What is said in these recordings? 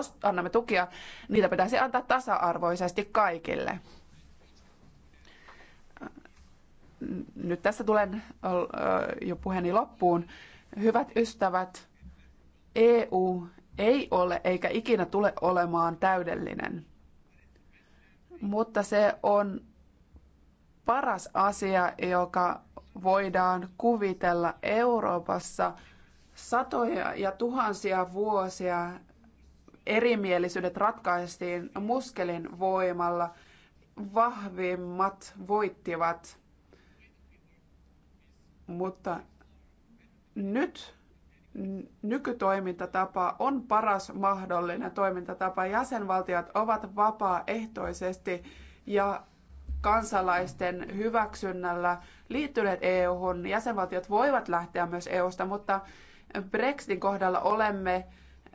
jos annamme tukia, niitä pitäisi antaa tasa-arvoisesti kaikille. Nyt tässä tulen jo puheeni loppuun. Hyvät ystävät, EU ei ole eikä ikinä tule olemaan täydellinen, mutta se on paras asia, joka voidaan kuvitella Euroopassa satoja ja tuhansia vuosia erimielisyydet ratkaistiin muskelin voimalla. Vahvimmat voittivat. Mutta nyt nykytoimintatapa on paras mahdollinen toimintatapa. Jäsenvaltiot ovat vapaaehtoisesti ja kansalaisten hyväksynnällä liittyneet EU-hun. Jäsenvaltiot voivat lähteä myös EU-sta, mutta Brexitin kohdalla olemme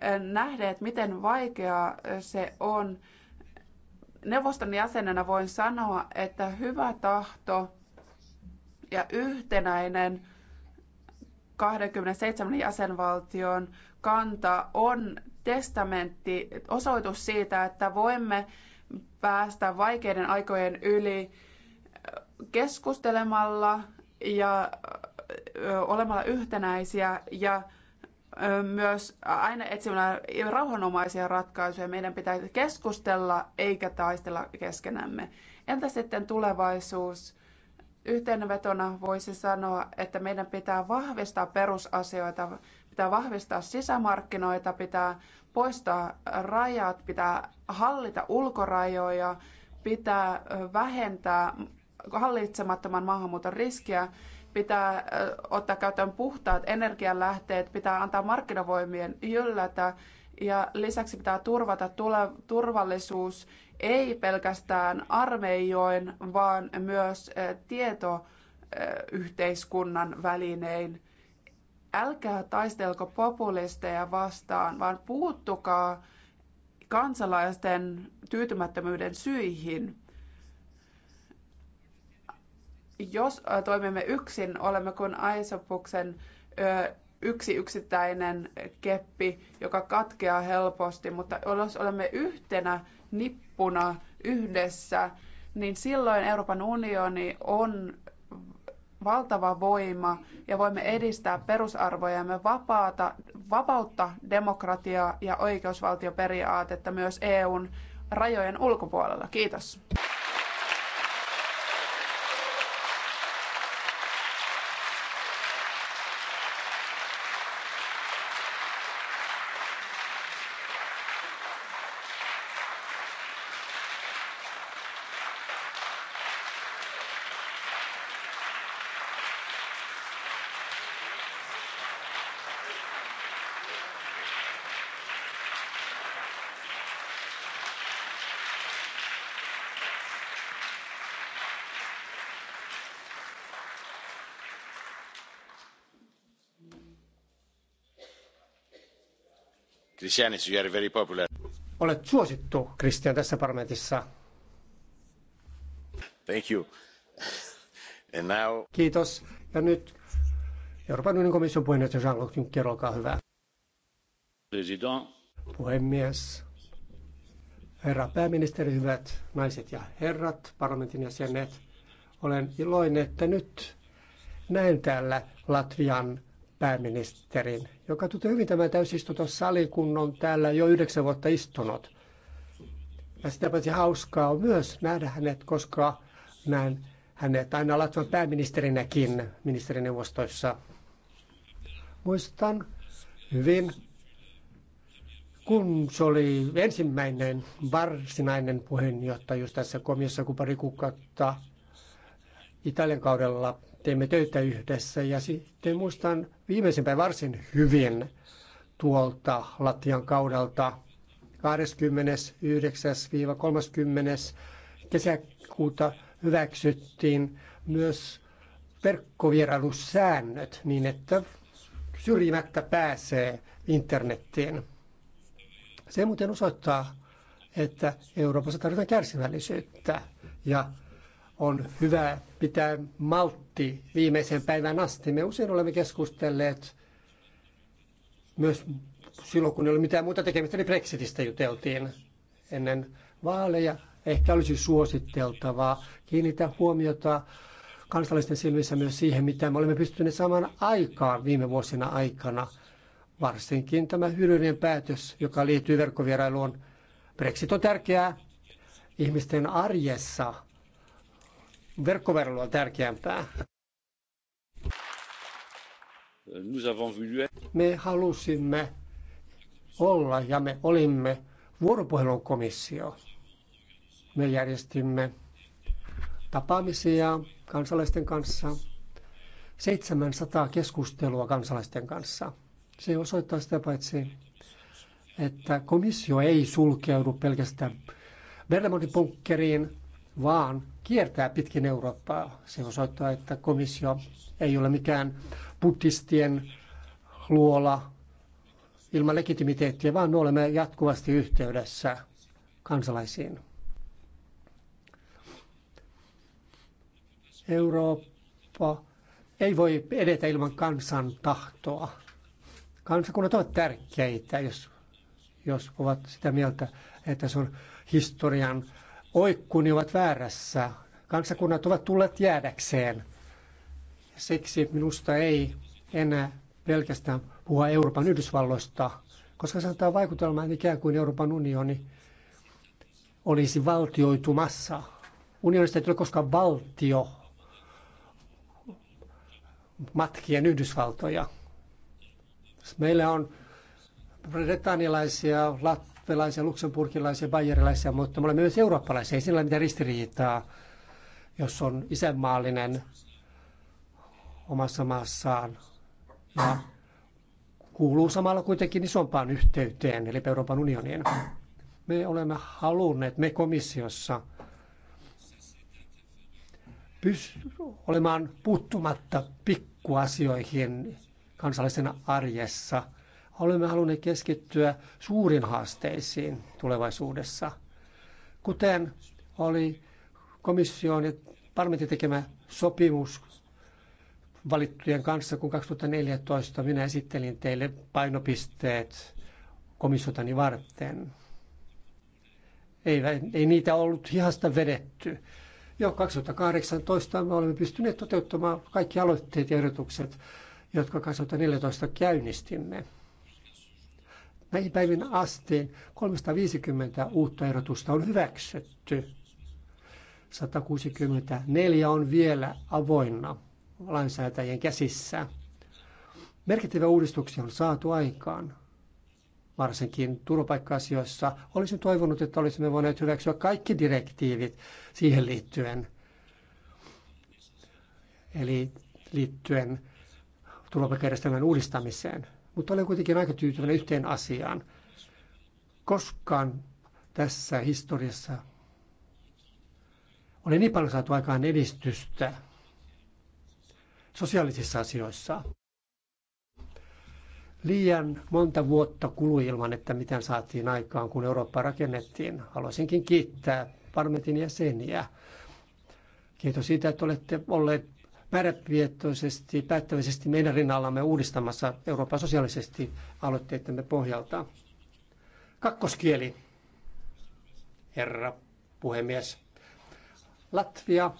että miten vaikeaa se on. Neuvoston jäsenenä voin sanoa, että hyvä tahto ja yhtenäinen 27 jäsenvaltion kanta on testamentti, osoitus siitä, että voimme päästä vaikeiden aikojen yli keskustelemalla ja olemalla yhtenäisiä ja myös aina etsimään rauhanomaisia ratkaisuja. Meidän pitää keskustella eikä taistella keskenämme. Entä sitten tulevaisuus? Yhteenvetona voisi sanoa, että meidän pitää vahvistaa perusasioita, pitää vahvistaa sisämarkkinoita, pitää poistaa rajat, pitää hallita ulkorajoja, pitää vähentää hallitsemattoman maahanmuuton riskiä, pitää ottaa käyttöön puhtaat energianlähteet, pitää antaa markkinavoimien yllätä ja lisäksi pitää turvata tule- turvallisuus ei pelkästään armeijoin, vaan myös tietoyhteiskunnan välinein. Älkää taistelko populisteja vastaan, vaan puuttukaa kansalaisten tyytymättömyyden syihin. Jos äh, toimimme yksin, olemme kuin Aisopuksen yksi yksittäinen keppi, joka katkeaa helposti, mutta jos olemme yhtenä nippuna yhdessä, niin silloin Euroopan unioni on valtava voima ja voimme edistää perusarvojamme vapaata, vapautta, demokratiaa ja oikeusvaltioperiaatetta myös EUn rajojen ulkopuolella. Kiitos. Christianis, you are very popular. Olet suosittu, Christian, tässä parlamentissa. Thank you. And now... Kiitos. Ja nyt Euroopan unionin komission puheenjohtaja Jean-Claude Juncker, olkaa hyvä. President. Puhemies, herra pääministeri, hyvät naiset ja herrat, parlamentin jäsenet, olen iloinen, että nyt näen täällä Latvian pääministerin, joka tuntuu hyvin tämän täysistuntosali, kun on täällä jo yhdeksän vuotta istunut. Ja sitä paitsi hauskaa on myös nähdä hänet, koska näen hänet aina Latvan pääministerinäkin ministerineuvostoissa. Muistan hyvin, kun se oli ensimmäinen varsinainen puheenjohtajuus tässä komissa, kun pari kuukautta Italian kaudella teimme töitä yhdessä ja sitten muistan päivän varsin hyvin tuolta Lattian kaudelta 29-30. kesäkuuta hyväksyttiin myös verkkovierailusäännöt niin, että syrjimättä pääsee internettiin. Se muuten osoittaa, että Euroopassa tarvitaan kärsivällisyyttä ja on hyvä pitää maltti viimeisen päivän asti. Me usein olemme keskustelleet myös silloin, kun ei ole mitään muuta tekemistä, niin Brexitistä juteltiin ennen vaaleja. Ehkä olisi suositeltavaa kiinnittää huomiota kansallisten silmissä myös siihen, mitä me olemme pystyneet saamaan aikaan viime vuosina aikana. Varsinkin tämä hyödyllinen päätös, joka liittyy verkkovierailuun. Brexit on tärkeää ihmisten arjessa, verkkoverolla on tärkeämpää. Me halusimme olla ja me olimme vuoropuhelun komissio. Me järjestimme tapaamisia kansalaisten kanssa, 700 keskustelua kansalaisten kanssa. Se osoittaa sitä paitsi, että komissio ei sulkeudu pelkästään Berlemontin bunkkeriin, vaan kiertää pitkin Eurooppaa. Se osoittaa, että komissio ei ole mikään buddhistien luola ilman legitimiteettiä, vaan me olemme jatkuvasti yhteydessä kansalaisiin. Eurooppa ei voi edetä ilman kansan tahtoa. Kansakunnat ovat tärkeitä, jos, jos ovat sitä mieltä, että se on historian oikkuni ovat väärässä. Kansakunnat ovat tulleet jäädäkseen. Siksi minusta ei enää pelkästään puhua Euroopan Yhdysvalloista, koska se antaa vaikutelman ikään kuin Euroopan unioni olisi valtioitumassa. Unionista ei tule koskaan valtio matkien Yhdysvaltoja. Meillä on britannialaisia, lat- latvialaisia, luksemburgilaisia, bayerilaisia, mutta me olemme myös eurooppalaisia. Ei sillä ole mitään ristiriitaa, jos on isänmaallinen omassa maassaan ja kuuluu samalla kuitenkin isompaan yhteyteen, eli Euroopan unioniin. Me olemme halunneet, me komissiossa, pys- olemaan puuttumatta pikkuasioihin kansallisena arjessa – olemme halunneet keskittyä suurin haasteisiin tulevaisuudessa, kuten oli komission ja parlamentin tekemä sopimus valittujen kanssa, kun 2014 minä esittelin teille painopisteet komissiotani varten. Ei, ei niitä ollut hihasta vedetty. Jo 2018 me olemme pystyneet toteuttamaan kaikki aloitteet ja ehdotukset, jotka 2014 käynnistimme näihin päivin asti 350 uutta ehdotusta on hyväksytty. 164 on vielä avoinna lainsäätäjien käsissä. Merkittäviä uudistuksia on saatu aikaan, varsinkin turvapaikka-asioissa. Olisin toivonut, että olisimme voineet hyväksyä kaikki direktiivit siihen liittyen. Eli liittyen turvapaikkajärjestelmän uudistamiseen. Mutta olen kuitenkin aika tyytyväinen yhteen asiaan. Koskaan tässä historiassa oli niin paljon saatu aikaan edistystä sosiaalisissa asioissa. Liian monta vuotta kului ilman, että mitään saatiin aikaan, kun Eurooppa rakennettiin. Haluaisinkin kiittää parlamentin jäseniä. Kiitos siitä, että olette olleet määrätietoisesti, päättäväisesti meidän rinnallamme uudistamassa Euroopan sosiaalisesti aloitteittemme pohjalta. Kakkoskieli, herra puhemies. Latvia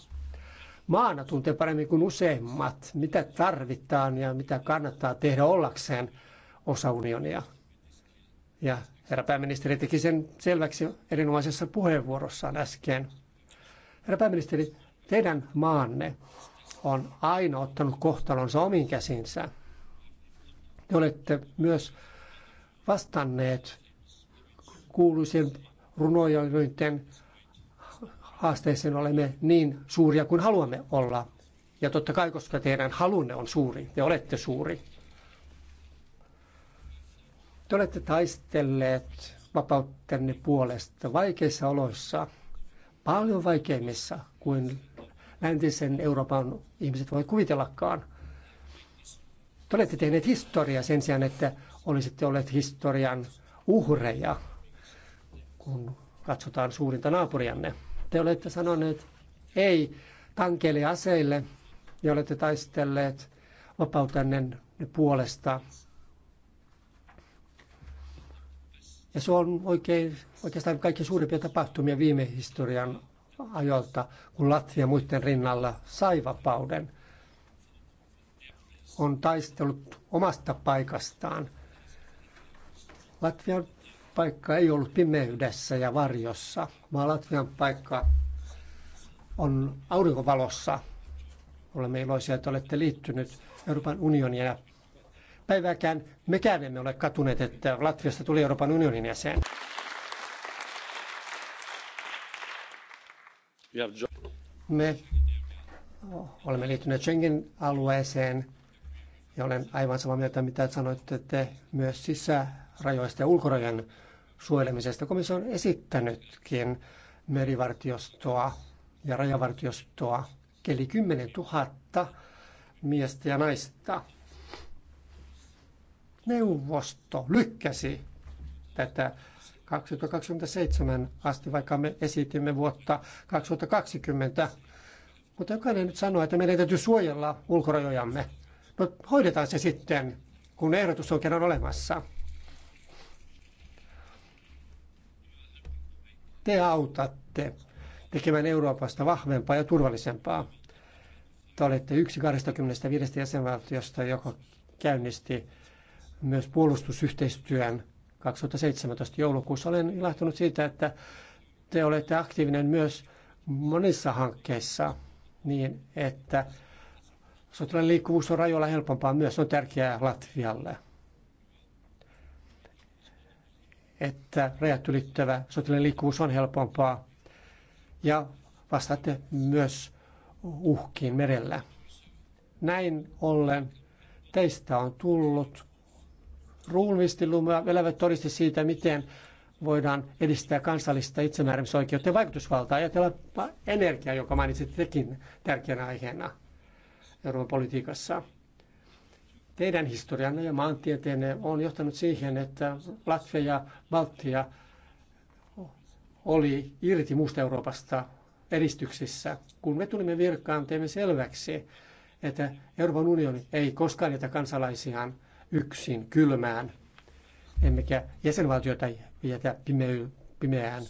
maana tuntee paremmin kuin useimmat, mitä tarvitaan ja mitä kannattaa tehdä ollakseen osa unionia. Ja herra pääministeri teki sen selväksi erinomaisessa puheenvuorossaan äsken. Herra pääministeri, teidän maanne on aina ottanut kohtalonsa omiin käsinsä. Te olette myös vastanneet kuuluisien runoilijoiden haasteeseen olemme niin suuria kuin haluamme olla. Ja totta kai, koska teidän halunne on suuri, te olette suuri. Te olette taistelleet vapauttenne puolesta vaikeissa oloissa, paljon vaikeimmissa kuin läntisen Euroopan ihmiset voi kuvitellakaan. Te olette tehneet historiaa sen sijaan, että olisitte olleet historian uhreja, kun katsotaan suurinta naapurianne. Te olette sanoneet ei tankeille ja aseille ja olette taistelleet vapautenne puolesta. Ja se on oikein, oikeastaan kaikki suurimpia tapahtumia viime historian ajoilta, kun Latvia muiden rinnalla sai vapauden. On taistellut omasta paikastaan. Latvian paikka ei ollut pimeydessä ja varjossa, vaan Latvian paikka on aurinkovalossa. Olemme iloisia, että olette liittynyt Euroopan unionia ja päivääkään mekään emme ole katuneet, että Latviasta tuli Euroopan unionin jäsen. Me olemme liittyneet Schengen-alueeseen ja olen aivan samaa mieltä, mitä sanoitte te myös sisärajoista ja ulkorajan suojelemisesta. Komissio on esittänytkin merivartiostoa ja rajavartiostoa, keli 10 000 miestä ja naista. Neuvosto lykkäsi tätä 2027 asti, vaikka me esitimme vuotta 2020. Mutta jokainen nyt sanoo, että meidän täytyy suojella ulkorajojamme. No hoidetaan se sitten, kun ehdotus on kerran olemassa. Te autatte tekemään Euroopasta vahvempaa ja turvallisempaa. Te olette yksi 25 jäsenvaltiosta, joka käynnisti myös puolustusyhteistyön 2017 joulukuussa. Olen ilahtunut siitä, että te olette aktiivinen myös monissa hankkeissa niin, että sotilaiden liikkuvuus on rajoilla helpompaa myös. Se on tärkeää Latvialle, että rajat ylittävä sotilaiden liikkuvuus on helpompaa ja vastaatte myös uhkiin merellä. Näin ollen teistä on tullut ruumiisti elävät todisti siitä, miten voidaan edistää kansallista itsemääräämisoikeutta ja vaikutusvaltaa. Ajatellaan energiaa, joka mainitsit tekin tärkeänä aiheena Euroopan politiikassa. Teidän historianne ja maantieteenne on johtanut siihen, että Latvia ja Baltia oli irti muusta Euroopasta edistyksissä. Kun me tulimme virkaan, teimme selväksi, että Euroopan unioni ei koskaan jätä kansalaisiaan yksin kylmään, emmekä jäsenvaltioita jätä pimeään.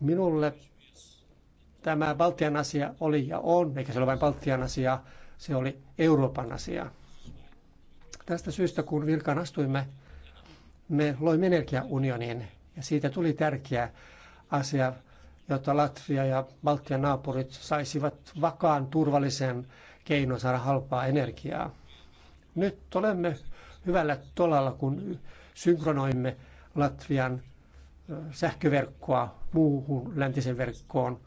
Minulle tämä Baltian asia oli ja on, eikä se ole vain Baltian asia, se oli Euroopan asia. Tästä syystä, kun virkaan astuimme, me loimme energiaunionin ja siitä tuli tärkeä asia, jotta Latvia ja Baltian naapurit saisivat vakaan turvallisen keinon saada halpaa energiaa. Nyt olemme hyvällä tolalla, kun synkronoimme Latvian sähköverkkoa muuhun läntisen verkkoon.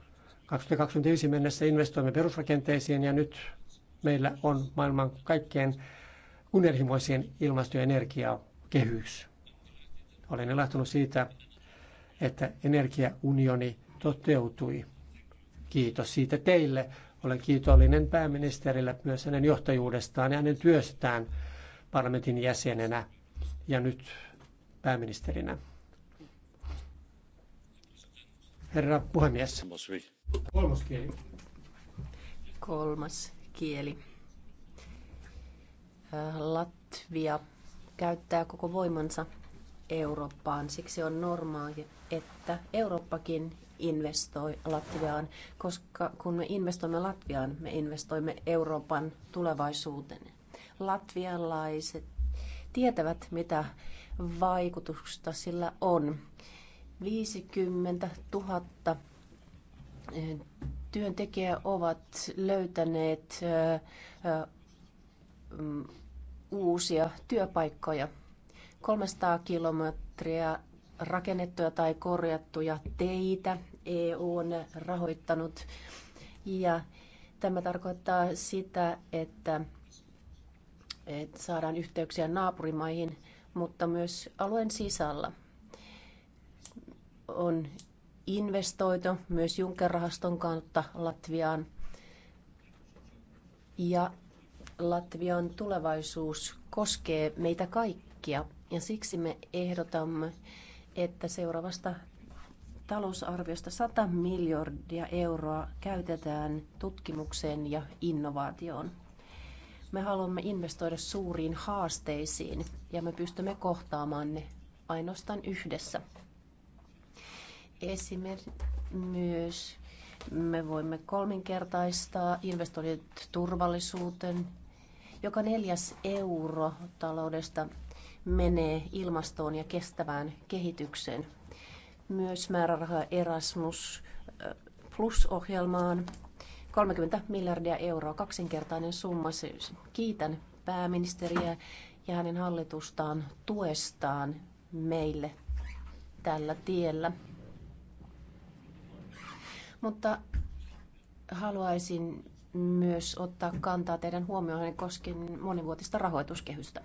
2025 mennessä investoimme perusrakenteisiin ja nyt meillä on maailman kaikkein kunnianhimoisin ilmasto- ja energiakehys. Olen ilahtunut siitä, että energiaunioni toteutui. Kiitos siitä teille. Olen kiitollinen pääministerille myös hänen johtajuudestaan ja hänen työstään parlamentin jäsenenä ja nyt pääministerinä. Herra puhemies. Kolmas kieli. Kolmas kieli. Latvia käyttää koko voimansa Eurooppaan. Siksi on normaali, että Eurooppakin investoi Latviaan, koska kun me investoimme Latviaan, me investoimme Euroopan tulevaisuuteen latvialaiset tietävät, mitä vaikutusta sillä on. 50 000 työntekijää ovat löytäneet mm, uusia työpaikkoja. 300 kilometriä rakennettuja tai korjattuja teitä EU on rahoittanut. Ja tämä tarkoittaa sitä, että että saadaan yhteyksiä naapurimaihin, mutta myös alueen sisällä on investoitu myös Juncker-rahaston kautta Latviaan. Ja Latvian tulevaisuus koskee meitä kaikkia ja siksi me ehdotamme, että seuraavasta talousarviosta 100 miljardia euroa käytetään tutkimukseen ja innovaatioon. Me haluamme investoida suuriin haasteisiin ja me pystymme kohtaamaan ne ainoastaan yhdessä. Esimerkiksi myös me voimme kolminkertaistaa investoinnit turvallisuuteen. Joka neljäs euro taloudesta menee ilmastoon ja kestävään kehitykseen. Myös määräraha Erasmus Plus-ohjelmaan 30 miljardia euroa, kaksinkertainen summa. Kiitän pääministeriä ja hänen hallitustaan tuestaan meille tällä tiellä. Mutta haluaisin myös ottaa kantaa teidän huomioon koskien monivuotista rahoituskehystä.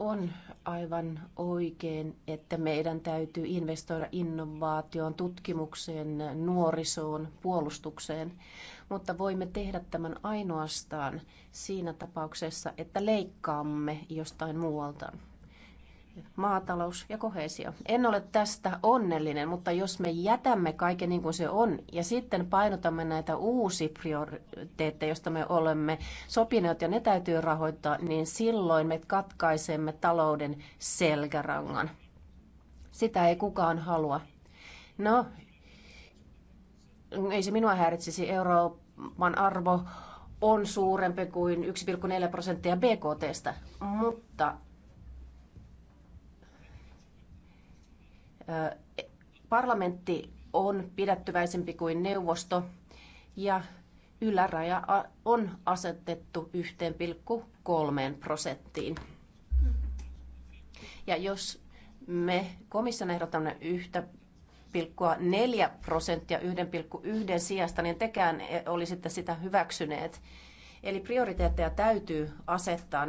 On aivan oikein, että meidän täytyy investoida innovaatioon, tutkimukseen, nuorisoon, puolustukseen, mutta voimme tehdä tämän ainoastaan siinä tapauksessa, että leikkaamme jostain muualta maatalous ja kohesio. En ole tästä onnellinen, mutta jos me jätämme kaiken niin kuin se on ja sitten painotamme näitä uusia prioriteetteja, joista me olemme sopineet ja ne täytyy rahoittaa, niin silloin me katkaisemme talouden selkärangan. Sitä ei kukaan halua. No, ei se minua häiritsisi. Euroopan arvo on suurempi kuin 1,4 prosenttia BKTstä, mutta Parlamentti on pidättyväisempi kuin neuvosto ja yläraja on asetettu 1,3 prosenttiin. Ja jos me komission ehdotamme 1,4 prosenttia 1,1 sijasta, niin tekään e, olisitte sitä hyväksyneet. Eli prioriteetteja täytyy asettaa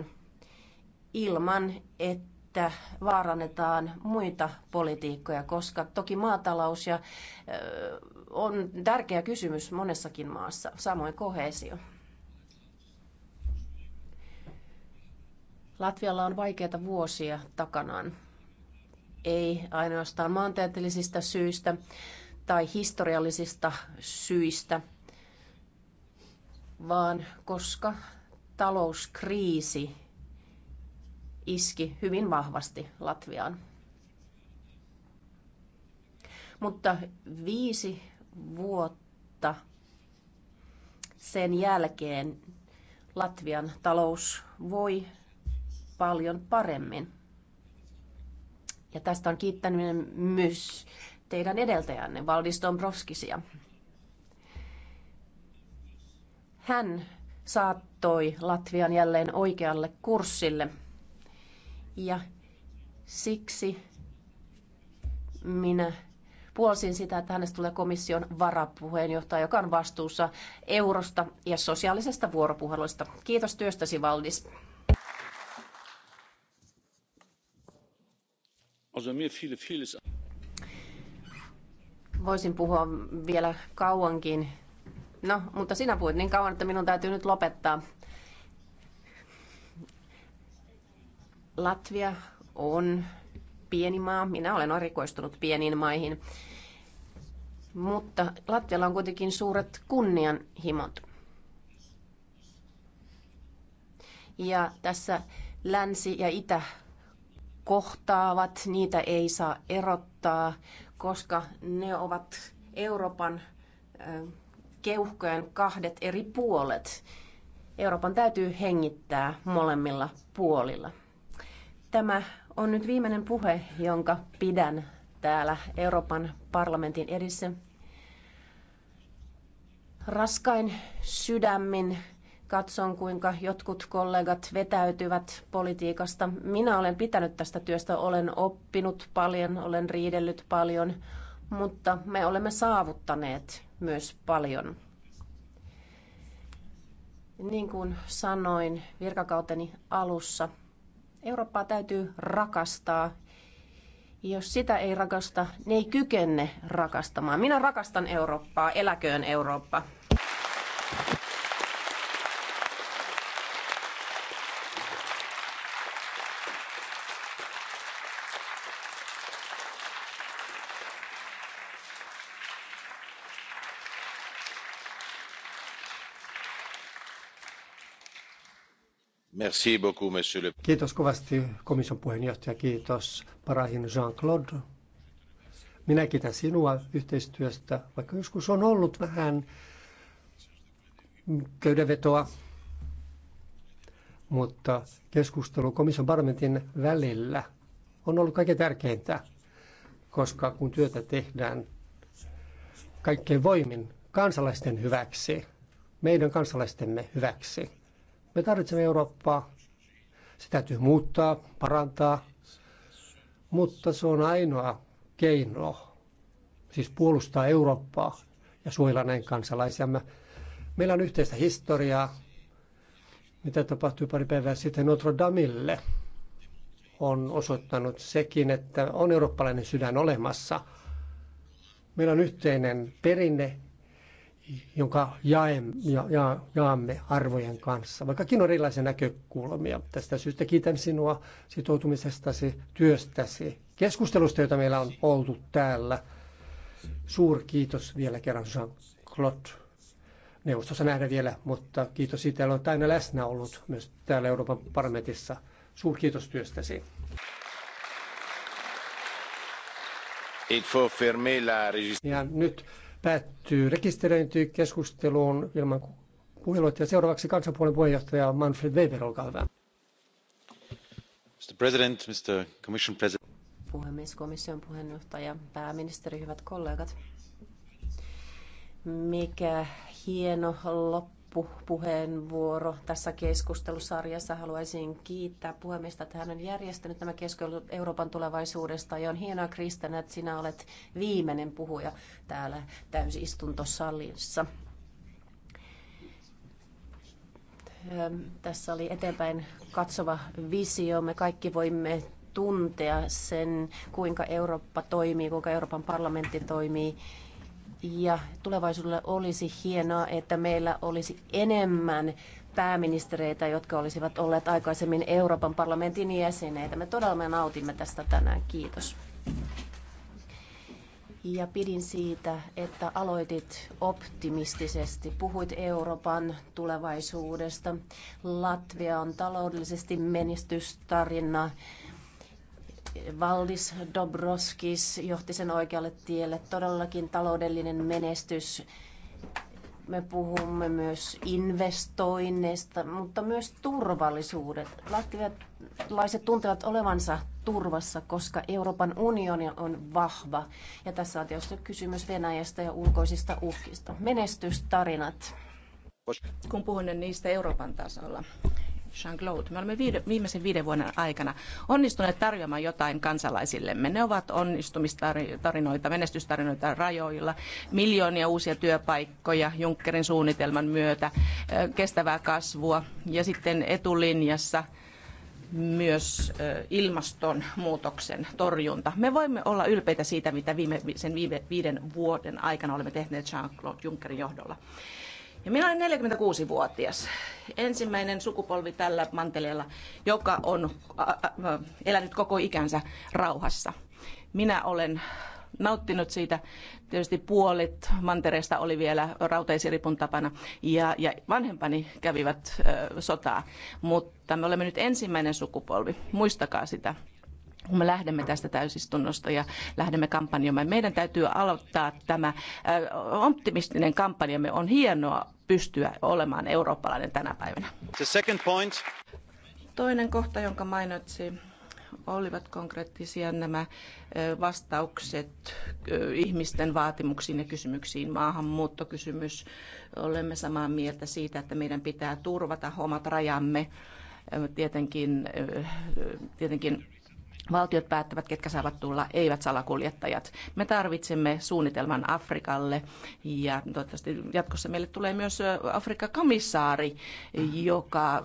ilman, että että vaarannetaan muita politiikkoja, koska toki maatalous ja, on tärkeä kysymys monessakin maassa, samoin kohesio. Latvialla on vaikeita vuosia takanaan. Ei ainoastaan maantieteellisistä syistä tai historiallisista syistä, vaan koska talouskriisi iski hyvin vahvasti Latviaan. Mutta viisi vuotta sen jälkeen Latvian talous voi paljon paremmin. Ja tästä on kiittäminen myös teidän edeltäjänne, Valdis Dombrovskisia. Hän saattoi Latvian jälleen oikealle kurssille – ja siksi minä puolsin sitä, että hänestä tulee komission varapuheenjohtaja, joka on vastuussa eurosta ja sosiaalisesta vuoropuhelusta. Kiitos työstäsi, Valdis. Voisin puhua vielä kauankin. No, mutta sinä puhuit niin kauan, että minun täytyy nyt lopettaa. Latvia on pieni maa. Minä olen erikoistunut pieniin maihin. Mutta Latvialla on kuitenkin suuret kunnianhimot. Ja tässä länsi ja itä kohtaavat, niitä ei saa erottaa, koska ne ovat Euroopan keuhkojen kahdet eri puolet. Euroopan täytyy hengittää molemmilla puolilla. Tämä on nyt viimeinen puhe, jonka pidän täällä Euroopan parlamentin edessä. Raskain sydämin katson, kuinka jotkut kollegat vetäytyvät politiikasta. Minä olen pitänyt tästä työstä, olen oppinut paljon, olen riidellyt paljon, mutta me olemme saavuttaneet myös paljon. Niin kuin sanoin virkakauteni alussa, Eurooppaa täytyy rakastaa. Jos sitä ei rakasta, ne ei kykene rakastamaan. Minä rakastan Eurooppaa, eläköön Eurooppa. Merci beaucoup, monsieur le... Kiitos kovasti komission puheenjohtaja, kiitos parahin Jean-Claude. Minä kiitän sinua yhteistyöstä, vaikka joskus on ollut vähän köydenvetoa, mutta keskustelu komission parlamentin välillä on ollut kaikkein tärkeintä, koska kun työtä tehdään kaikkein voimin kansalaisten hyväksi, meidän kansalaistemme hyväksi, me tarvitsemme Eurooppaa. Se täytyy muuttaa, parantaa, mutta se on ainoa keino, siis puolustaa Eurooppaa ja suojella näin kansalaisiamme. Meillä on yhteistä historiaa, mitä tapahtui pari päivää sitten Notre Damille. On osoittanut sekin, että on eurooppalainen sydän olemassa. Meillä on yhteinen perinne jonka jaem, ja, ja, jaamme arvojen kanssa. Vaikkakin on erilaisia näkökulmia. Tästä syystä kiitän sinua sitoutumisestasi, työstäsi, keskustelusta, jota meillä on oltu täällä. suur kiitos vielä kerran Jean-Claude. Neuvostossa nähdään vielä, mutta kiitos siitä, että olet aina läsnä ollut myös täällä Euroopan parlamentissa. Suur kiitos työstäsi. Il faut la... Ja nyt päättyy rekisteröinti keskusteluun ilman puheluita. Ja seuraavaksi kansanpuolen puheenjohtaja Manfred Weber, olkaa hyvä. Mr. President, Mr. Commission President. Puhemies, komission puheenjohtaja, pääministeri, hyvät kollegat. Mikä hieno loppu loppupuheenvuoro tässä keskustelusarjassa. Haluaisin kiittää puhemiestä, että hän on järjestänyt tämä keskustelu Euroopan tulevaisuudesta. Ja on hienoa, Kristina, että sinä olet viimeinen puhuja täällä täysistuntosalissa. Ehm, tässä oli eteenpäin katsova visio. Me kaikki voimme tuntea sen, kuinka Eurooppa toimii, kuinka Euroopan parlamentti toimii ja tulevaisuudelle olisi hienoa, että meillä olisi enemmän pääministereitä, jotka olisivat olleet aikaisemmin Euroopan parlamentin jäseneitä. Me todella me nautimme tästä tänään. Kiitos. Ja pidin siitä, että aloitit optimistisesti. Puhuit Euroopan tulevaisuudesta. Latvia on taloudellisesti menestystarina Valdis Dobroskis johti sen oikealle tielle. Todellakin taloudellinen menestys. Me puhumme myös investoinneista, mutta myös turvallisuudet. Latvialaiset tuntevat olevansa turvassa, koska Euroopan unioni on vahva. Ja tässä on tietysti kysymys Venäjästä ja ulkoisista uhkista. Menestystarinat. Kun puhun niin niistä Euroopan tasolla, Jean-Claude, me olemme viide, viimeisen viiden vuoden aikana onnistuneet tarjoamaan jotain kansalaisillemme. Ne ovat onnistumistarinoita, menestystarinoita rajoilla, miljoonia uusia työpaikkoja Junckerin suunnitelman myötä, kestävää kasvua ja sitten etulinjassa myös ilmastonmuutoksen torjunta. Me voimme olla ylpeitä siitä, mitä viime, sen viime, viiden vuoden aikana olemme tehneet Jean-Claude Junckerin johdolla. Ja minä olen 46-vuotias, ensimmäinen sukupolvi tällä mantelella, joka on elänyt koko ikänsä rauhassa. Minä olen nauttinut siitä. Tietysti puolet mantereesta oli vielä rautaisiripun tapana ja, ja vanhempani kävivät ö, sotaa. Mutta me olemme nyt ensimmäinen sukupolvi, muistakaa sitä kun me lähdemme tästä täysistunnosta ja lähdemme kampanjoimaan. Meidän täytyy aloittaa tämä optimistinen kampanjamme. On hienoa pystyä olemaan eurooppalainen tänä päivänä. Toinen kohta, jonka mainitsi, olivat konkreettisia nämä vastaukset ihmisten vaatimuksiin ja kysymyksiin. Maahanmuuttokysymys. Olemme samaa mieltä siitä, että meidän pitää turvata omat rajamme. Tietenkin, tietenkin Valtiot päättävät, ketkä saavat tulla, eivät salakuljettajat. Me tarvitsemme suunnitelman Afrikalle ja toivottavasti jatkossa meille tulee myös Afrikka-komissaari, joka,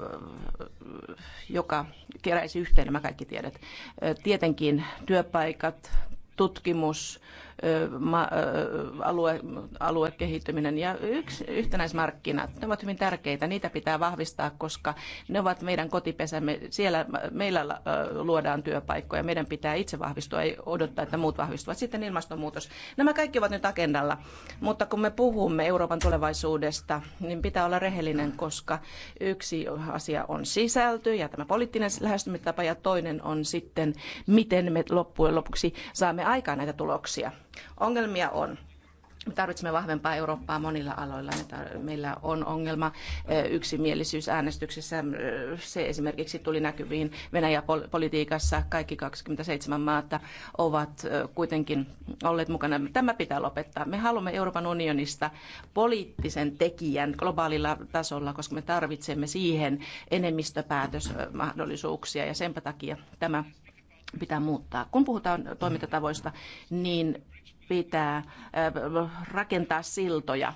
joka keräisi yhteen nämä kaikki tiedot. Tietenkin työpaikat, tutkimus, alue, aluekehittyminen ja yks, yhtenäismarkkinat. Ne ovat hyvin tärkeitä, niitä pitää vahvistaa, koska ne ovat meidän kotipesämme. Siellä meillä luodaan työpaikkoja, meidän pitää itse vahvistua, ei odottaa, että muut vahvistuvat. Sitten ilmastonmuutos. Nämä kaikki ovat nyt agendalla, mutta kun me puhumme Euroopan tulevaisuudesta, niin pitää olla rehellinen, koska yksi asia on sisälty ja tämä poliittinen lähestymistapa ja toinen on sitten, miten me loppujen lopuksi saamme aikaan näitä tuloksia. Ongelmia on. Me tarvitsemme vahvempaa Eurooppaa monilla aloilla. Meillä on ongelma äänestyksessä. Se esimerkiksi tuli näkyviin Venäjä-politiikassa. Kaikki 27 maata ovat kuitenkin olleet mukana. Tämä pitää lopettaa. Me haluamme Euroopan unionista poliittisen tekijän globaalilla tasolla, koska me tarvitsemme siihen enemmistöpäätösmahdollisuuksia. Ja senpä takia tämä pitää muuttaa. Kun puhutaan toimintatavoista, niin pitää äh, rakentaa siltoja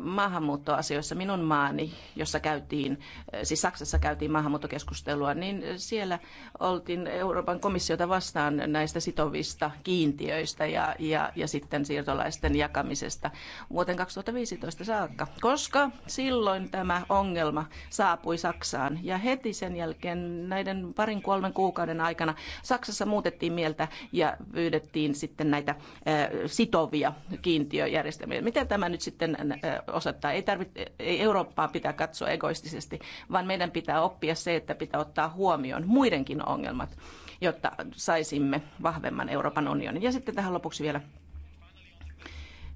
maahanmuuttoasioissa minun maani, jossa käytiin, siis Saksassa käytiin maahanmuuttokeskustelua, niin siellä oltiin Euroopan komissiota vastaan näistä sitovista kiintiöistä ja, ja, ja sitten siirtolaisten jakamisesta vuoteen 2015 saakka, koska silloin tämä ongelma saapui Saksaan ja heti sen jälkeen näiden parin kolmen kuukauden aikana Saksassa muutettiin mieltä ja pyydettiin sitten näitä sitovia kiintiöjärjestelmiä. Miten tämä nyt sitten osoittaa. Ei, tarvit ei Eurooppaa pitää katsoa egoistisesti, vaan meidän pitää oppia se, että pitää ottaa huomioon muidenkin ongelmat, jotta saisimme vahvemman Euroopan unionin. Ja sitten tähän lopuksi vielä,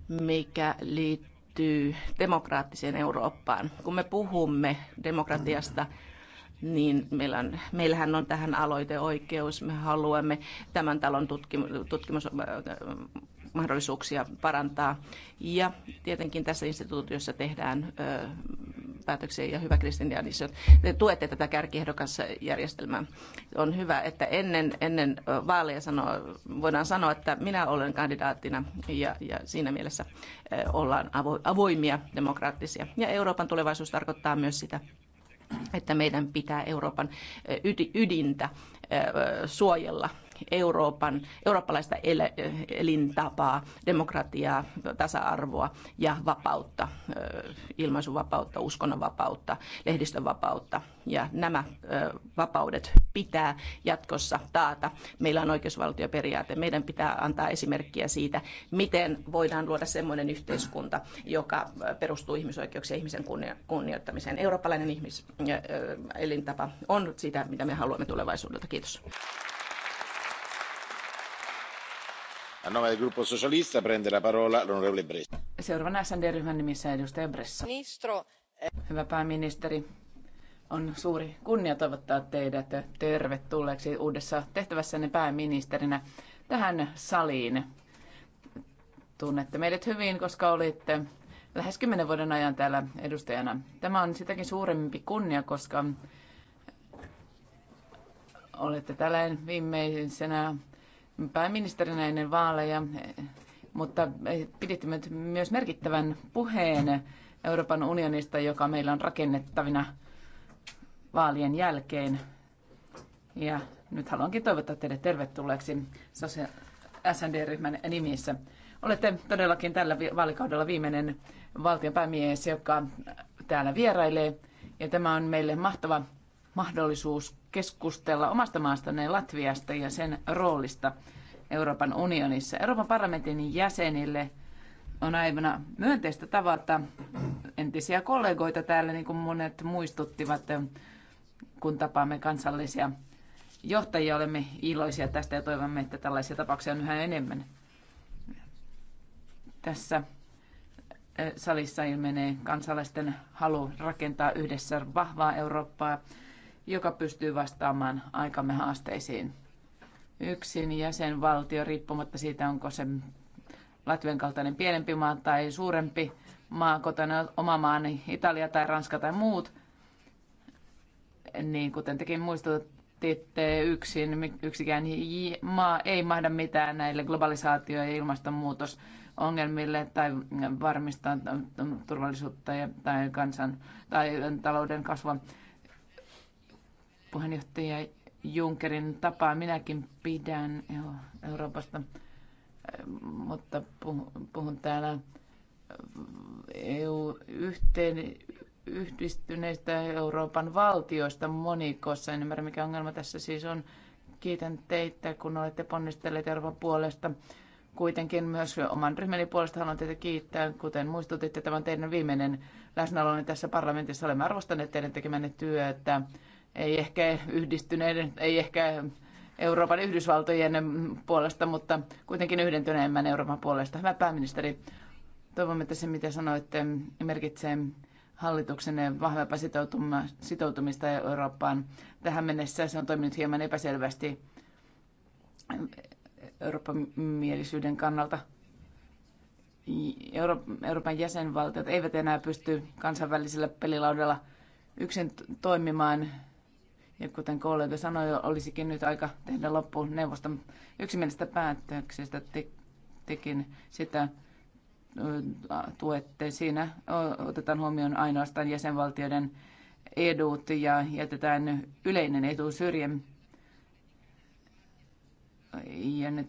mikä liittyy demokraattiseen Eurooppaan. Kun me puhumme demokratiasta, niin meillä on, meillähän on tähän aloiteoikeus. Me haluamme tämän talon tutkimus, tutkimus mahdollisuuksia parantaa. Ja tietenkin tässä instituutiossa tehdään päätöksiä ja hyvä Kristiania, niin te tuette tätä järjestelmää. On hyvä, että ennen, ennen vaaleja sanoo voidaan sanoa, että minä olen kandidaattina ja, ja siinä mielessä ollaan avoimia, demokraattisia. Ja Euroopan tulevaisuus tarkoittaa myös sitä, että meidän pitää Euroopan ydintä suojella Euroopan, eurooppalaista elintapaa, demokratiaa, tasa-arvoa ja vapautta, ilmaisuvapautta, uskonnonvapautta, lehdistönvapautta. Ja nämä vapaudet pitää jatkossa taata. Meillä on oikeusvaltioperiaate. Meidän pitää antaa esimerkkiä siitä, miten voidaan luoda semmoinen yhteiskunta, joka perustuu ihmisoikeuksien ja ihmisen kunnioittamiseen. Eurooppalainen ihmis, elintapa on sitä, mitä me haluamme tulevaisuudelta. Kiitos. Seuraavana ryhmän nimissä edustaja eh. Hyvä pääministeri, on suuri kunnia toivottaa teidät tervetulleeksi uudessa tehtävässänne pääministerinä tähän saliin. Tunnette meidät hyvin, koska olitte lähes kymmenen vuoden ajan täällä edustajana. Tämä on sitäkin suurempi kunnia, koska olette täällä viimeisenä pääministerinä ennen vaaleja, mutta piditte myös merkittävän puheen Euroopan unionista, joka meillä on rakennettavina vaalien jälkeen. Ja nyt haluankin toivottaa teidät tervetulleeksi SND-ryhmän nimissä. Olette todellakin tällä vaalikaudella viimeinen valtion päämies, joka täällä vierailee. Ja tämä on meille mahtava mahdollisuus keskustella omasta maastanne Latviasta ja sen roolista Euroopan unionissa. Euroopan parlamentin jäsenille on aivan myönteistä tavata entisiä kollegoita täällä, niin kuin monet muistuttivat, kun tapaamme kansallisia johtajia. Olemme iloisia tästä ja toivomme, että tällaisia tapauksia on yhä enemmän. Tässä eh, salissa ilmenee kansalaisten halu rakentaa yhdessä vahvaa Eurooppaa joka pystyy vastaamaan aikamme haasteisiin. Yksin jäsenvaltio, riippumatta siitä, onko se Latvian kaltainen pienempi maa tai suurempi maa, kotona oma maani, Italia tai Ranska tai muut, niin kuten tekin muistutitte, yksin, yksikään maa ei mahda mitään näille globalisaatio- ja ilmastonmuutosongelmille tai varmistaa turvallisuutta ja, tai kansan tai talouden kasvua puheenjohtaja Junckerin tapaa minäkin pidän Euroopasta, äh, mutta puhun täällä EU-yhteen yhdistyneistä Euroopan valtioista monikossa. En ymmärrä, mikä ongelma tässä siis on. Kiitän teitä, kun olette ponnistelleet Euroopan puolesta. Kuitenkin myös oman ryhmäni puolesta haluan teitä kiittää. Kuten muistutitte, tämä on teidän viimeinen läsnäoloni tässä parlamentissa. Olemme arvostaneet teidän tekemänne työtä ei ehkä yhdistyneiden, ei ehkä Euroopan Yhdysvaltojen puolesta, mutta kuitenkin yhdentyneemmän Euroopan puolesta. Hyvä pääministeri, toivomme, että se mitä sanoitte merkitsee hallituksenne vahvempaa sitoutumista Eurooppaan. Tähän mennessä se on toiminut hieman epäselvästi Euroopan mielisyyden kannalta. Euroopan jäsenvaltiot eivät enää pysty kansainvälisellä pelilaudalla yksin toimimaan ja kuten kollega sanoi, olisikin nyt aika tehdä loppuun neuvoston yksimielistä päätöksestä. Tekin sitä tuette. Siinä otetaan huomioon ainoastaan jäsenvaltioiden edut ja jätetään yleinen etu syrjen. Ja nyt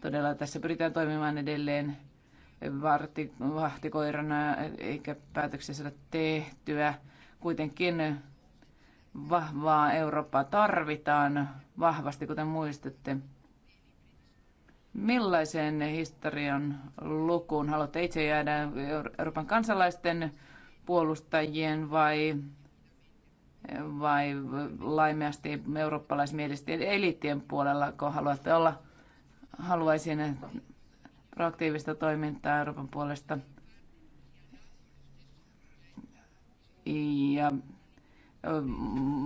todella tässä pyritään toimimaan edelleen varti, vahtikoirana, eikä päätöksiä tehtyä. Kuitenkin Vahvaa Eurooppaa tarvitaan vahvasti, kuten muistatte. Millaisen historian lukuun haluatte itse jäädä Euroopan kansalaisten puolustajien vai, vai laimeasti eurooppalaismielisesti eliittien puolella, kun haluatte olla? Haluaisin proaktiivista toimintaa Euroopan puolesta. Ja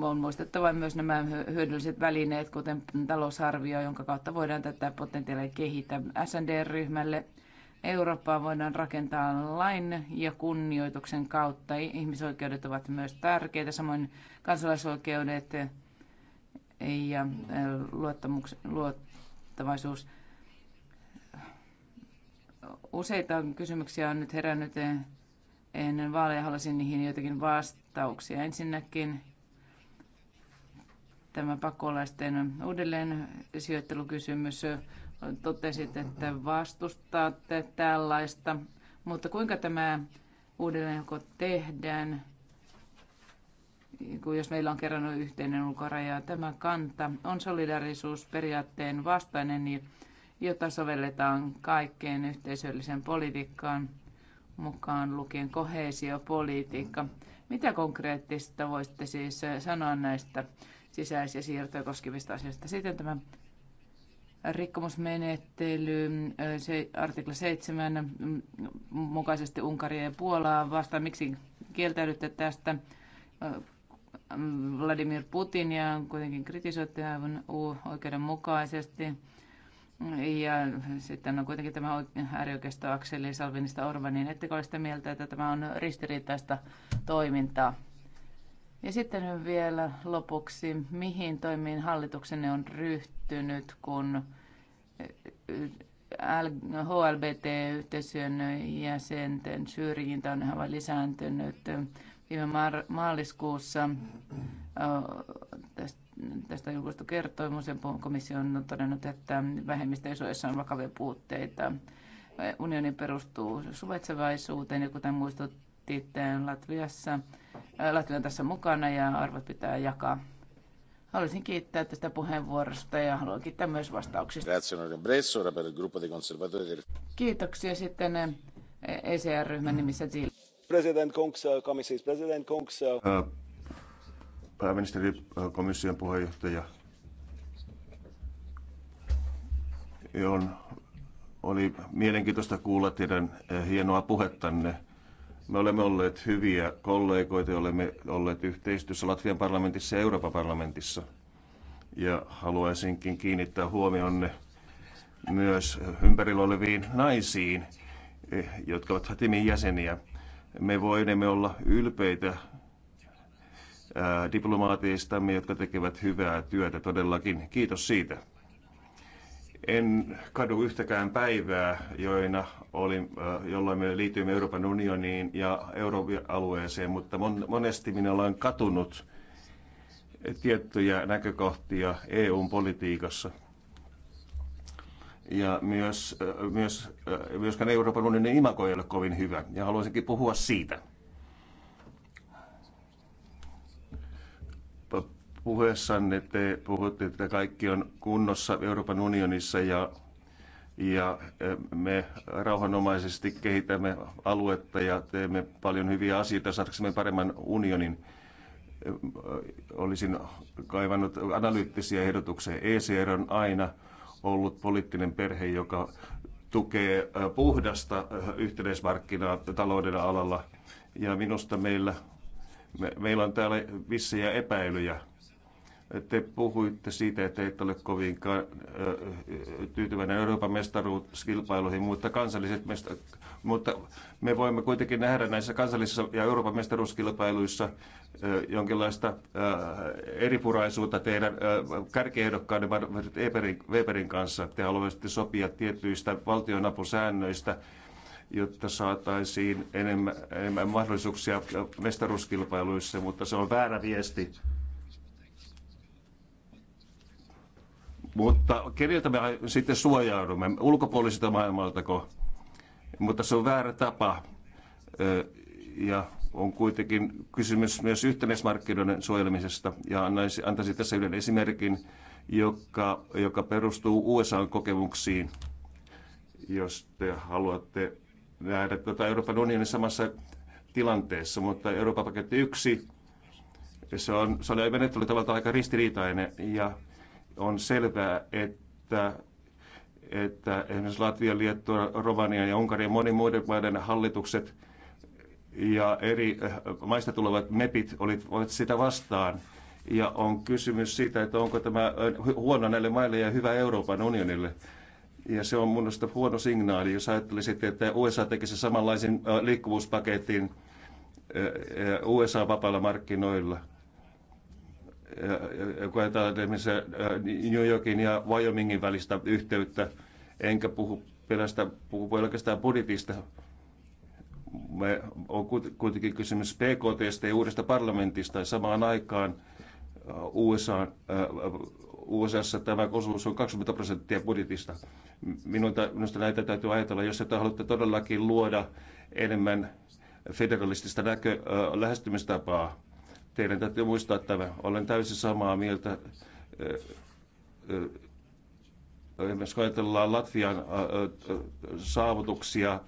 on muistettava myös nämä hyödylliset välineet, kuten talousarvio, jonka kautta voidaan tätä potentiaalia kehittää SND-ryhmälle. Eurooppaa voidaan rakentaa lain ja kunnioituksen kautta. Ihmisoikeudet ovat myös tärkeitä, samoin kansalaisoikeudet ja luottamuks- luottavaisuus. Useita kysymyksiä on nyt herännyt ennen vaaleja, haluaisin niihin jotenkin vastata vastauksia. Ensinnäkin tämä pakolaisten uudelleen sijoittelukysymys. Totesit, että vastustatte tällaista, mutta kuinka tämä uudelleenjako tehdään, kun jos meillä on kerran yhteinen ulkoraja. Tämä kanta on solidarisuusperiaatteen vastainen, niin jota sovelletaan kaikkeen yhteisölliseen politiikkaan mukaan lukien kohesiopolitiikka. Mitä konkreettista voisitte siis eh, sanoa näistä sisäisiä siirtoja koskevista asioista? Sitten tämä rikkomusmenettely, eh, se artikla 7 mm, mukaisesti Unkaria ja Puolaa vastaan. Miksi kieltäydytte tästä? Eh, mm, Vladimir Putin ja kuitenkin kritisoitte aivan oikeudenmukaisesti. Ja sitten on kuitenkin tämä Akseli Salvinista niin Ettekö ole sitä mieltä, että tämä on ristiriitaista toimintaa? Ja sitten vielä lopuksi, mihin toimiin hallituksenne on ryhtynyt, kun HLBT-yhteisön jäsenten syrjintä on aivan lisääntynyt. Viime maaliskuussa tästä tästä julkaistu kertomus ja komissio on todennut, että vähemmistöisoissa on vakavia puutteita. Unioni perustuu suvaitsevaisuuteen ja kuten muistutitte Latviassa, Latvia on tässä mukana ja arvot pitää jakaa. Haluaisin kiittää tästä puheenvuorosta ja haluan kiittää myös vastauksista. Kiitoksia sitten ECR-ryhmän nimissä President Kongsa, komissaari president Kongsa. Uh Pääministeri, äh, komission puheenjohtaja, on, oli mielenkiintoista kuulla teidän äh, hienoa puhettanne. Me olemme olleet hyviä kollegoita olemme olleet yhteistyössä Latvian parlamentissa ja Euroopan parlamentissa. Ja haluaisinkin kiinnittää huomionne myös ympärillä oleviin naisiin, eh, jotka ovat Hatimin jäseniä. Me voimme olla ylpeitä diplomaateistamme, jotka tekevät hyvää työtä todellakin. Kiitos siitä. En kadu yhtäkään päivää, joina oli, jolloin me liityimme Euroopan unioniin ja euroalueeseen, mutta monesti minä olen katunut tiettyjä näkökohtia EUn politiikassa. Ja myös, myös, myöskään Euroopan unionin imako ei ole kovin hyvä, ja haluaisinkin puhua siitä. Puheessanne te puhutte, että kaikki on kunnossa Euroopan unionissa ja, ja eh, me rauhanomaisesti kehitämme aluetta ja teemme paljon hyviä asioita saadaksemme paremman unionin eh, olisin kaivannut analyyttisiä ehdotuksia. ECR on aina ollut poliittinen perhe, joka tukee eh, puhdasta yhteismarkkinaa talouden alalla. Ja minusta meillä, me, meillä on täällä vissejä epäilyjä. Te puhuitte siitä, että ette ole kovinkaan tyytyväinen Euroopan mestaruuskilpailuihin, mutta, kansalliset mesta- mutta me voimme kuitenkin nähdä näissä kansallisissa ja Euroopan mestaruuskilpailuissa jonkinlaista eripuraisuutta teidän kärkiehdokkaiden Weberin, Weberin kanssa. Te haluaisitte sopia tietyistä valtionapusäännöistä, jotta saataisiin enemmän, enemmän mahdollisuuksia mestaruuskilpailuissa, mutta se on väärä viesti Mutta keneltä me sitten suojaudumme? Ulkopuolisilta maailmaltako? Mutta se on väärä tapa. Ja on kuitenkin kysymys myös yhtenäismarkkinoiden suojelemisesta. Ja antaisin tässä yhden esimerkin, joka, joka perustuu USA-kokemuksiin. Jos te haluatte nähdä tuota Euroopan unionin samassa tilanteessa, mutta Euroopan paketti 1, se on, se on menettelytavalta aika ristiriitainen ja on selvää, että että esimerkiksi Latvia, Liettua, Rovania ja Unkarin moni muiden maiden hallitukset ja eri äh, maista tulevat MEPit olivat sitä vastaan. Ja on kysymys siitä, että onko tämä äh, huono näille maille ja hyvä Euroopan unionille. Ja se on minusta huono signaali, jos ajattelisitte, että USA tekisi samanlaisen äh, liikkuvuuspaketin USA vapailla markkinoilla – kun ajatellaan esimerkiksi New Yorkin ja Wyomingin välistä yhteyttä, enkä puhu pelästä, puhu pelkästään budjetista. Me on kuitenkin kysymys PKT ja uudesta parlamentista ja samaan aikaan USA, USAssa tämä osuus on 20 prosenttia budjetista. Minusta, minusta näitä täytyy ajatella, jos te haluatte todellakin luoda enemmän federalistista näkö, lähestymistapaa Teidän täytyy muistaa tämä. Olen täysin samaa mieltä. Eh, eh, eh, jos ajatellaan Latvian saavutuksia,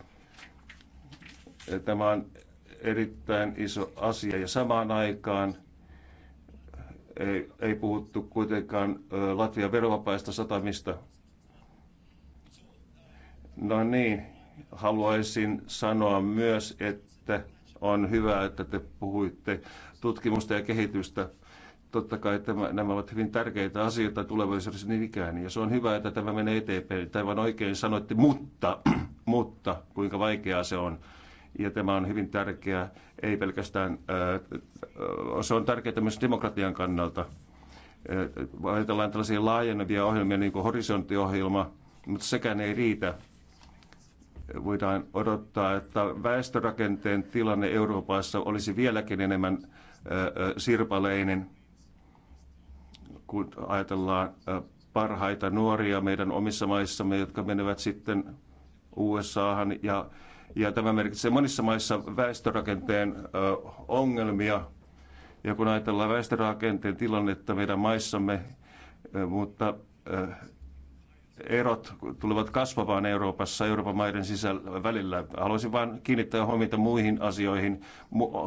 tämä on erittäin iso asia. Ja samaan aikaan ei, ei puhuttu kuitenkaan Latvian verovapaista satamista. No niin, haluaisin sanoa myös, että on hyvä, että te puhuitte tutkimusta ja kehitystä. Totta kai että nämä ovat hyvin tärkeitä asioita tulevaisuudessa niin ikään, ja se on hyvä, että tämä menee eteenpäin. Tai niin vaan oikein sanoitte, mutta, mutta kuinka vaikeaa se on ja tämä on hyvin tärkeää, ei pelkästään, se on tärkeää myös demokratian kannalta. Ajatellaan tällaisia laajenevia ohjelmia, niin kuin horisonttiohjelma, mutta sekään ei riitä voidaan odottaa, että väestörakenteen tilanne Euroopassa olisi vieläkin enemmän sirpaleinen, kun ajatellaan parhaita nuoria meidän omissa maissamme, jotka menevät sitten USAhan. Ja, ja tämä merkitsee monissa maissa väestörakenteen ongelmia. Ja kun ajatellaan väestörakenteen tilannetta meidän maissamme, mutta erot tulevat kasvavaan Euroopassa Euroopan maiden sisällä välillä. Haluaisin vain kiinnittää huomiota muihin asioihin.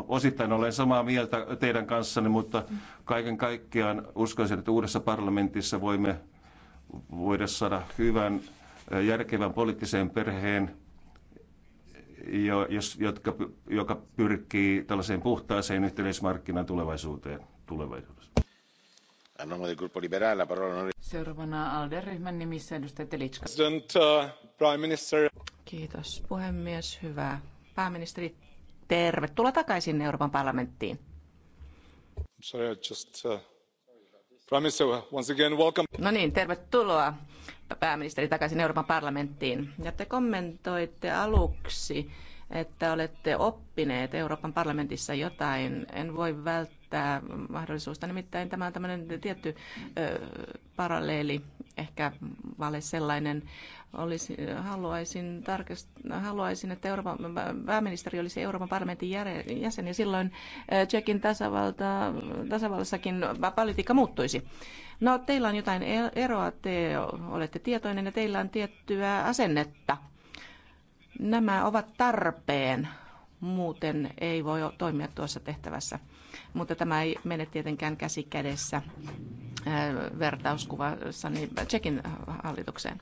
Osittain olen samaa mieltä teidän kanssanne, mutta kaiken kaikkiaan uskoisin, että uudessa parlamentissa voimme voida saada hyvän järkevän poliittiseen perheen, jo, jos, jotka, joka pyrkii tällaiseen puhtaaseen yhteismarkkinan tulevaisuuteen tulevaisuudessa arvoisa Seuraavana President, uh, Prime Minister. Kiitos puhemies. Hyvä. Pääministeri, tervetuloa takaisin Euroopan parlamenttiin. Uh, no niin, tervetuloa pääministeri takaisin Euroopan parlamenttiin. Ja te kommentoitte aluksi, että olette oppineet Euroopan parlamentissa jotain. En voi välttää tätä mahdollisuutta. Nimittäin tämä on tämmöinen tietty ö, paralleeli, ehkä vale sellainen. Olisi, haluaisin, tarkist- haluaisin, että Euroopan pääministeri olisi Euroopan parlamentin jäsen, ja silloin Tsekin tasavalta, tasavallassakin politiikka muuttuisi. No, teillä on jotain e-, eroa, te olette tietoinen, ja teillä on tiettyä asennetta. Nämä ovat tarpeen muuten ei voi toimia tuossa tehtävässä mutta tämä ei mene tietenkään käsi kädessä äh, vertauskuvassa niin Tsekin hallitukseen.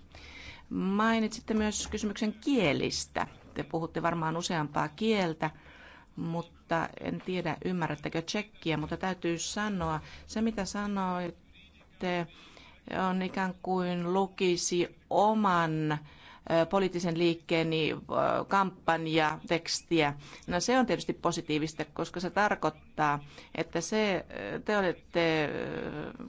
Mainitsitte myös kysymyksen kielistä. Te puhutte varmaan useampaa kieltä, mutta en tiedä ymmärrättekö tsekkiä, mutta täytyy sanoa, se mitä sanoitte on ikään kuin lukisi oman poliittisen liikkeeni kampanja tekstiä. No se on tietysti positiivista, koska se tarkoittaa, että se, te olette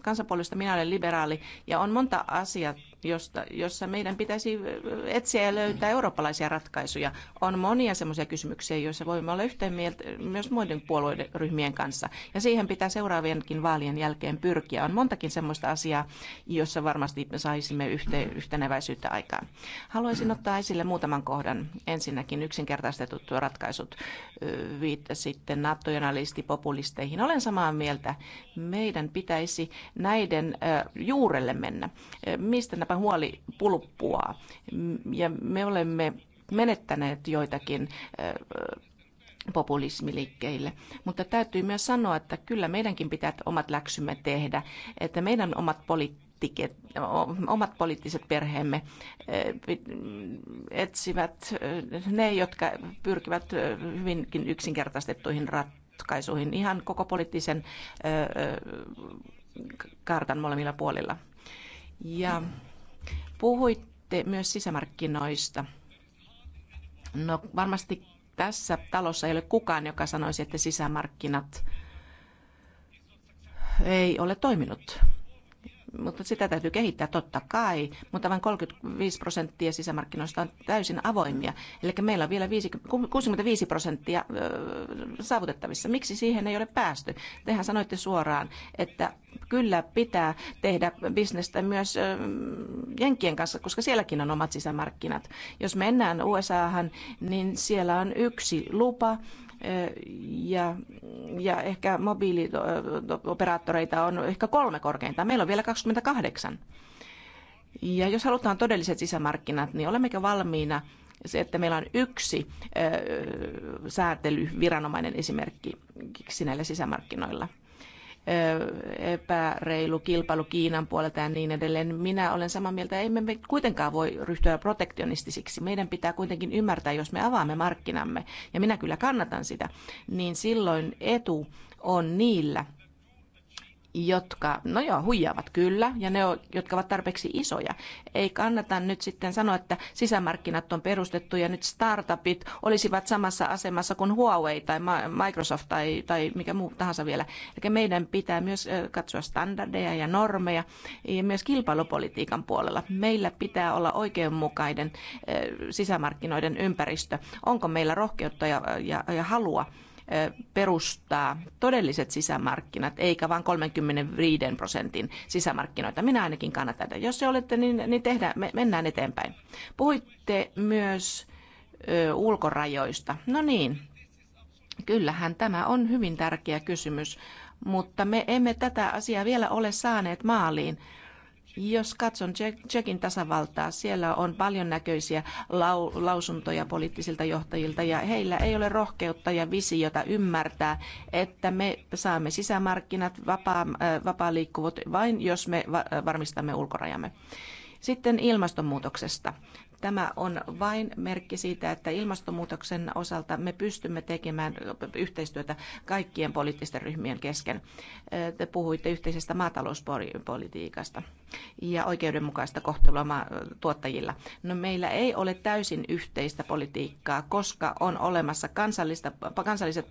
kansanpuolista, minä olen liberaali ja on monta asiaa josta, jossa meidän pitäisi etsiä ja löytää eurooppalaisia ratkaisuja. On monia semmoisia kysymyksiä, joissa voimme olla yhteen mieltä myös muiden puolueiden ryhmien kanssa. Ja siihen pitää seuraavienkin vaalien jälkeen pyrkiä. On montakin semmoista asiaa, jossa varmasti saisimme yhte, yhteneväisyyttä aikaan. Haluaisin ottaa esille muutaman kohdan. Ensinnäkin yksinkertaistetut ratkaisut sitten viittasitte populisteihin. Olen samaa mieltä. Meidän pitäisi näiden juurelle mennä. Mistä nämä vieläpä huoli pulppua Ja me olemme menettäneet joitakin äh, populismiliikkeille. Mutta täytyy myös sanoa, että kyllä meidänkin pitää omat läksymme tehdä, että meidän omat poliittiset omat poliittiset perheemme äh, etsivät äh, ne, jotka pyrkivät hyvinkin yksinkertaistettuihin ratkaisuihin ihan koko poliittisen kartan molemmilla puolilla. Ja mm Puhuitte myös sisämarkkinoista. No varmasti tässä talossa ei ole kukaan, joka sanoisi, että sisämarkkinat ei ole toiminut. Mutta sitä täytyy kehittää totta kai, mutta vain 35 prosenttia sisämarkkinoista on täysin avoimia. Eli meillä on vielä 50, 65 prosenttia saavutettavissa. Miksi siihen ei ole päästy? Tehän sanoitte suoraan, että kyllä pitää tehdä bisnestä myös Jenkkien kanssa, koska sielläkin on omat sisämarkkinat. Jos mennään USAhan, niin siellä on yksi lupa ja, ja ehkä mobiilioperaattoreita on ehkä kolme korkeinta. Meillä on vielä 28. Ja jos halutaan todelliset sisämarkkinat, niin olemmeko valmiina se, että meillä on yksi ö, säätelyviranomainen esimerkiksi näillä sisämarkkinoilla epäreilu kilpailu Kiinan puolelta ja niin edelleen. Minä olen samaa mieltä, emme me kuitenkaan voi ryhtyä protektionistisiksi. Meidän pitää kuitenkin ymmärtää, jos me avaamme markkinamme, ja minä kyllä kannatan sitä, niin silloin etu on niillä, jotka, no joo, huijaavat kyllä, ja ne, jotka ovat tarpeeksi isoja. Ei kannata nyt sitten sanoa, että sisämarkkinat on perustettu ja nyt startupit olisivat samassa asemassa kuin Huawei tai Microsoft tai, tai mikä muu tahansa vielä. Eli meidän pitää myös katsoa standardeja ja normeja ja myös kilpailupolitiikan puolella. Meillä pitää olla oikeudenmukainen sisämarkkinoiden ympäristö. Onko meillä rohkeutta ja, ja, ja halua perustaa todelliset sisämarkkinat, eikä vain 35 prosentin sisämarkkinoita. Minä ainakin kannatan tätä. Jos se olette, niin, niin tehdään, me, mennään eteenpäin. Puhuitte myös ö, ulkorajoista. No niin, kyllähän tämä on hyvin tärkeä kysymys, mutta me emme tätä asiaa vielä ole saaneet maaliin jos katson Tsekin tasavaltaa, siellä on paljon näköisiä lau, lausuntoja poliittisilta johtajilta ja heillä ei ole rohkeutta ja visiota ymmärtää, että me saamme sisämarkkinat, vapaa, äh, vapaa liikkuvuut vain, jos me äh, varmistamme ulkorajamme. Sitten ilmastonmuutoksesta. Tämä on vain merkki siitä, että ilmastonmuutoksen osalta me pystymme tekemään yhteistyötä kaikkien poliittisten ryhmien kesken. Te puhuitte yhteisestä maatalouspolitiikasta ja oikeudenmukaista kohtelua tuottajilla. No meillä ei ole täysin yhteistä politiikkaa, koska on olemassa kansallista, kansalliset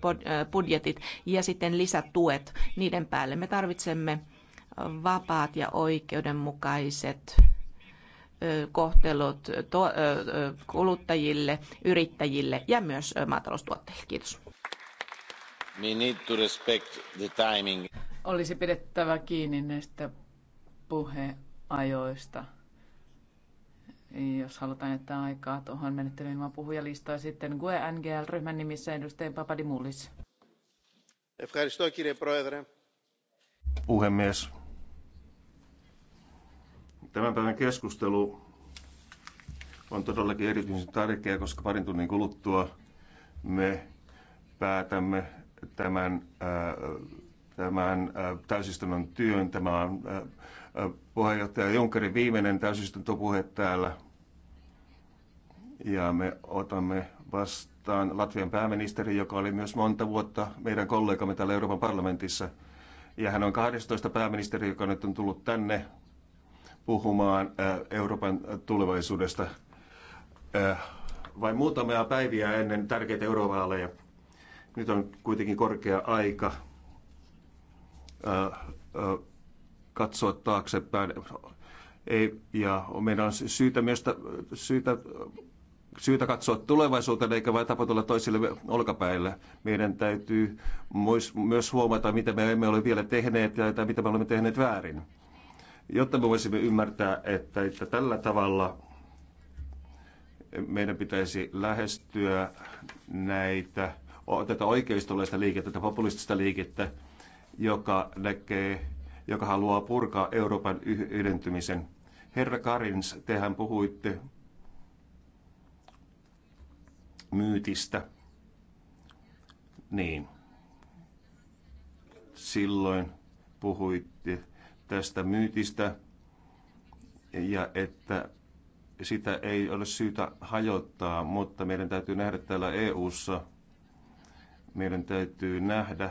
budjetit ja sitten lisätuet niiden päälle. Me tarvitsemme vapaat ja oikeudenmukaiset kohtelut kuluttajille, yrittäjille ja myös maataloustuottajille. Kiitos. Olisi pidettävä kiinni näistä puheajoista. Jos halutaan jättää aikaa tuohon menettelyyn ilman puhujalistaa, sitten GUE NGL-ryhmän nimissä edustaja Papadimoulis. Puhemies, Tämän päivän keskustelu on todellakin erityisen tärkeä, koska parin tunnin kuluttua me päätämme tämän, äh, tämän äh, täysistunnon työn. Tämä on äh, puheenjohtaja Junckerin viimeinen täysistuntopuhe täällä. Ja me otamme vastaan Latvian pääministeri, joka oli myös monta vuotta meidän kollegamme täällä Euroopan parlamentissa. Ja hän on 12 pääministeri, joka nyt on tullut tänne puhumaan Euroopan tulevaisuudesta vain muutamia päiviä ennen tärkeitä eurovaaleja. Nyt on kuitenkin korkea aika katsoa taaksepäin. Ei, ja meidän on syytä myös syytä, syytä katsoa tulevaisuuteen eikä vain tapatella toisille olkapäille. Meidän täytyy myös huomata, mitä me emme ole vielä tehneet ja mitä me olemme tehneet väärin jotta me voisimme ymmärtää, että, että tällä tavalla meidän pitäisi lähestyä näitä, tätä oikeistolaista liikettä, tätä populistista liikettä, joka näkee, joka haluaa purkaa Euroopan yhdentymisen. Herra Karins, tehän puhuitte myytistä. Niin. Silloin puhuitte tästä myytistä ja että sitä ei ole syytä hajottaa, mutta meidän täytyy nähdä täällä EU:ssa, meidän täytyy nähdä,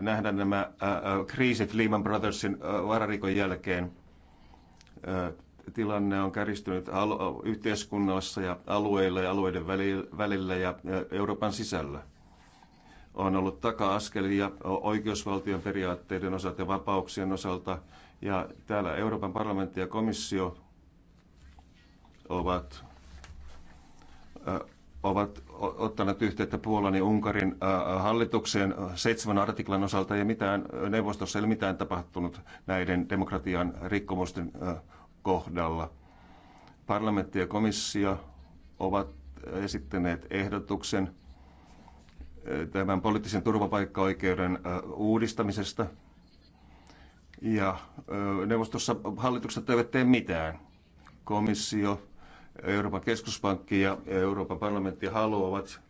nähdä nämä ä, kriisit Lehman Brothersin ä, vararikon jälkeen. Ä, tilanne on käristynyt al- yhteiskunnassa ja alueilla ja alueiden välillä ja Euroopan sisällä. On ollut taka-askelia oikeusvaltion periaatteiden osalta ja vapauksien osalta ja täällä Euroopan parlamentti ja komissio ovat, äh, ovat ottaneet yhteyttä Puolan ja Unkarin äh, hallitukseen seitsemän artiklan osalta ja mitään neuvostossa ei ole mitään tapahtunut näiden demokratian rikkomusten äh, kohdalla. Parlamentti ja komissio ovat esittäneet ehdotuksen tämän poliittisen turvapaikkaoikeuden uudistamisesta – ja neuvostossa hallitukset eivät tee mitään. Komissio, Euroopan keskuspankki ja Euroopan parlamentti haluavat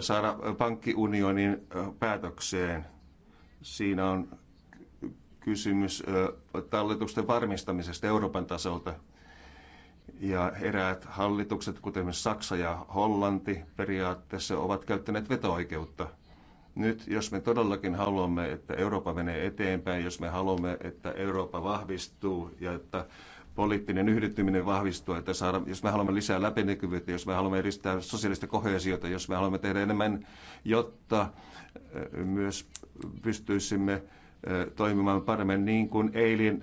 saada pankkiunionin päätökseen. Siinä on kysymys talletusten varmistamisesta Euroopan tasolta. Ja eräät hallitukset, kuten Saksa ja Hollanti, periaatteessa ovat käyttäneet veto-oikeutta – nyt, jos me todellakin haluamme, että Eurooppa menee eteenpäin, jos me haluamme, että Eurooppa vahvistuu ja että poliittinen yhdyttyminen vahvistuu, että saada, jos me haluamme lisää läpinäkyvyyttä, jos me haluamme edistää sosiaalista kohesiota, jos me haluamme tehdä enemmän, jotta myös pystyisimme toimimaan paremmin, niin kuin eilen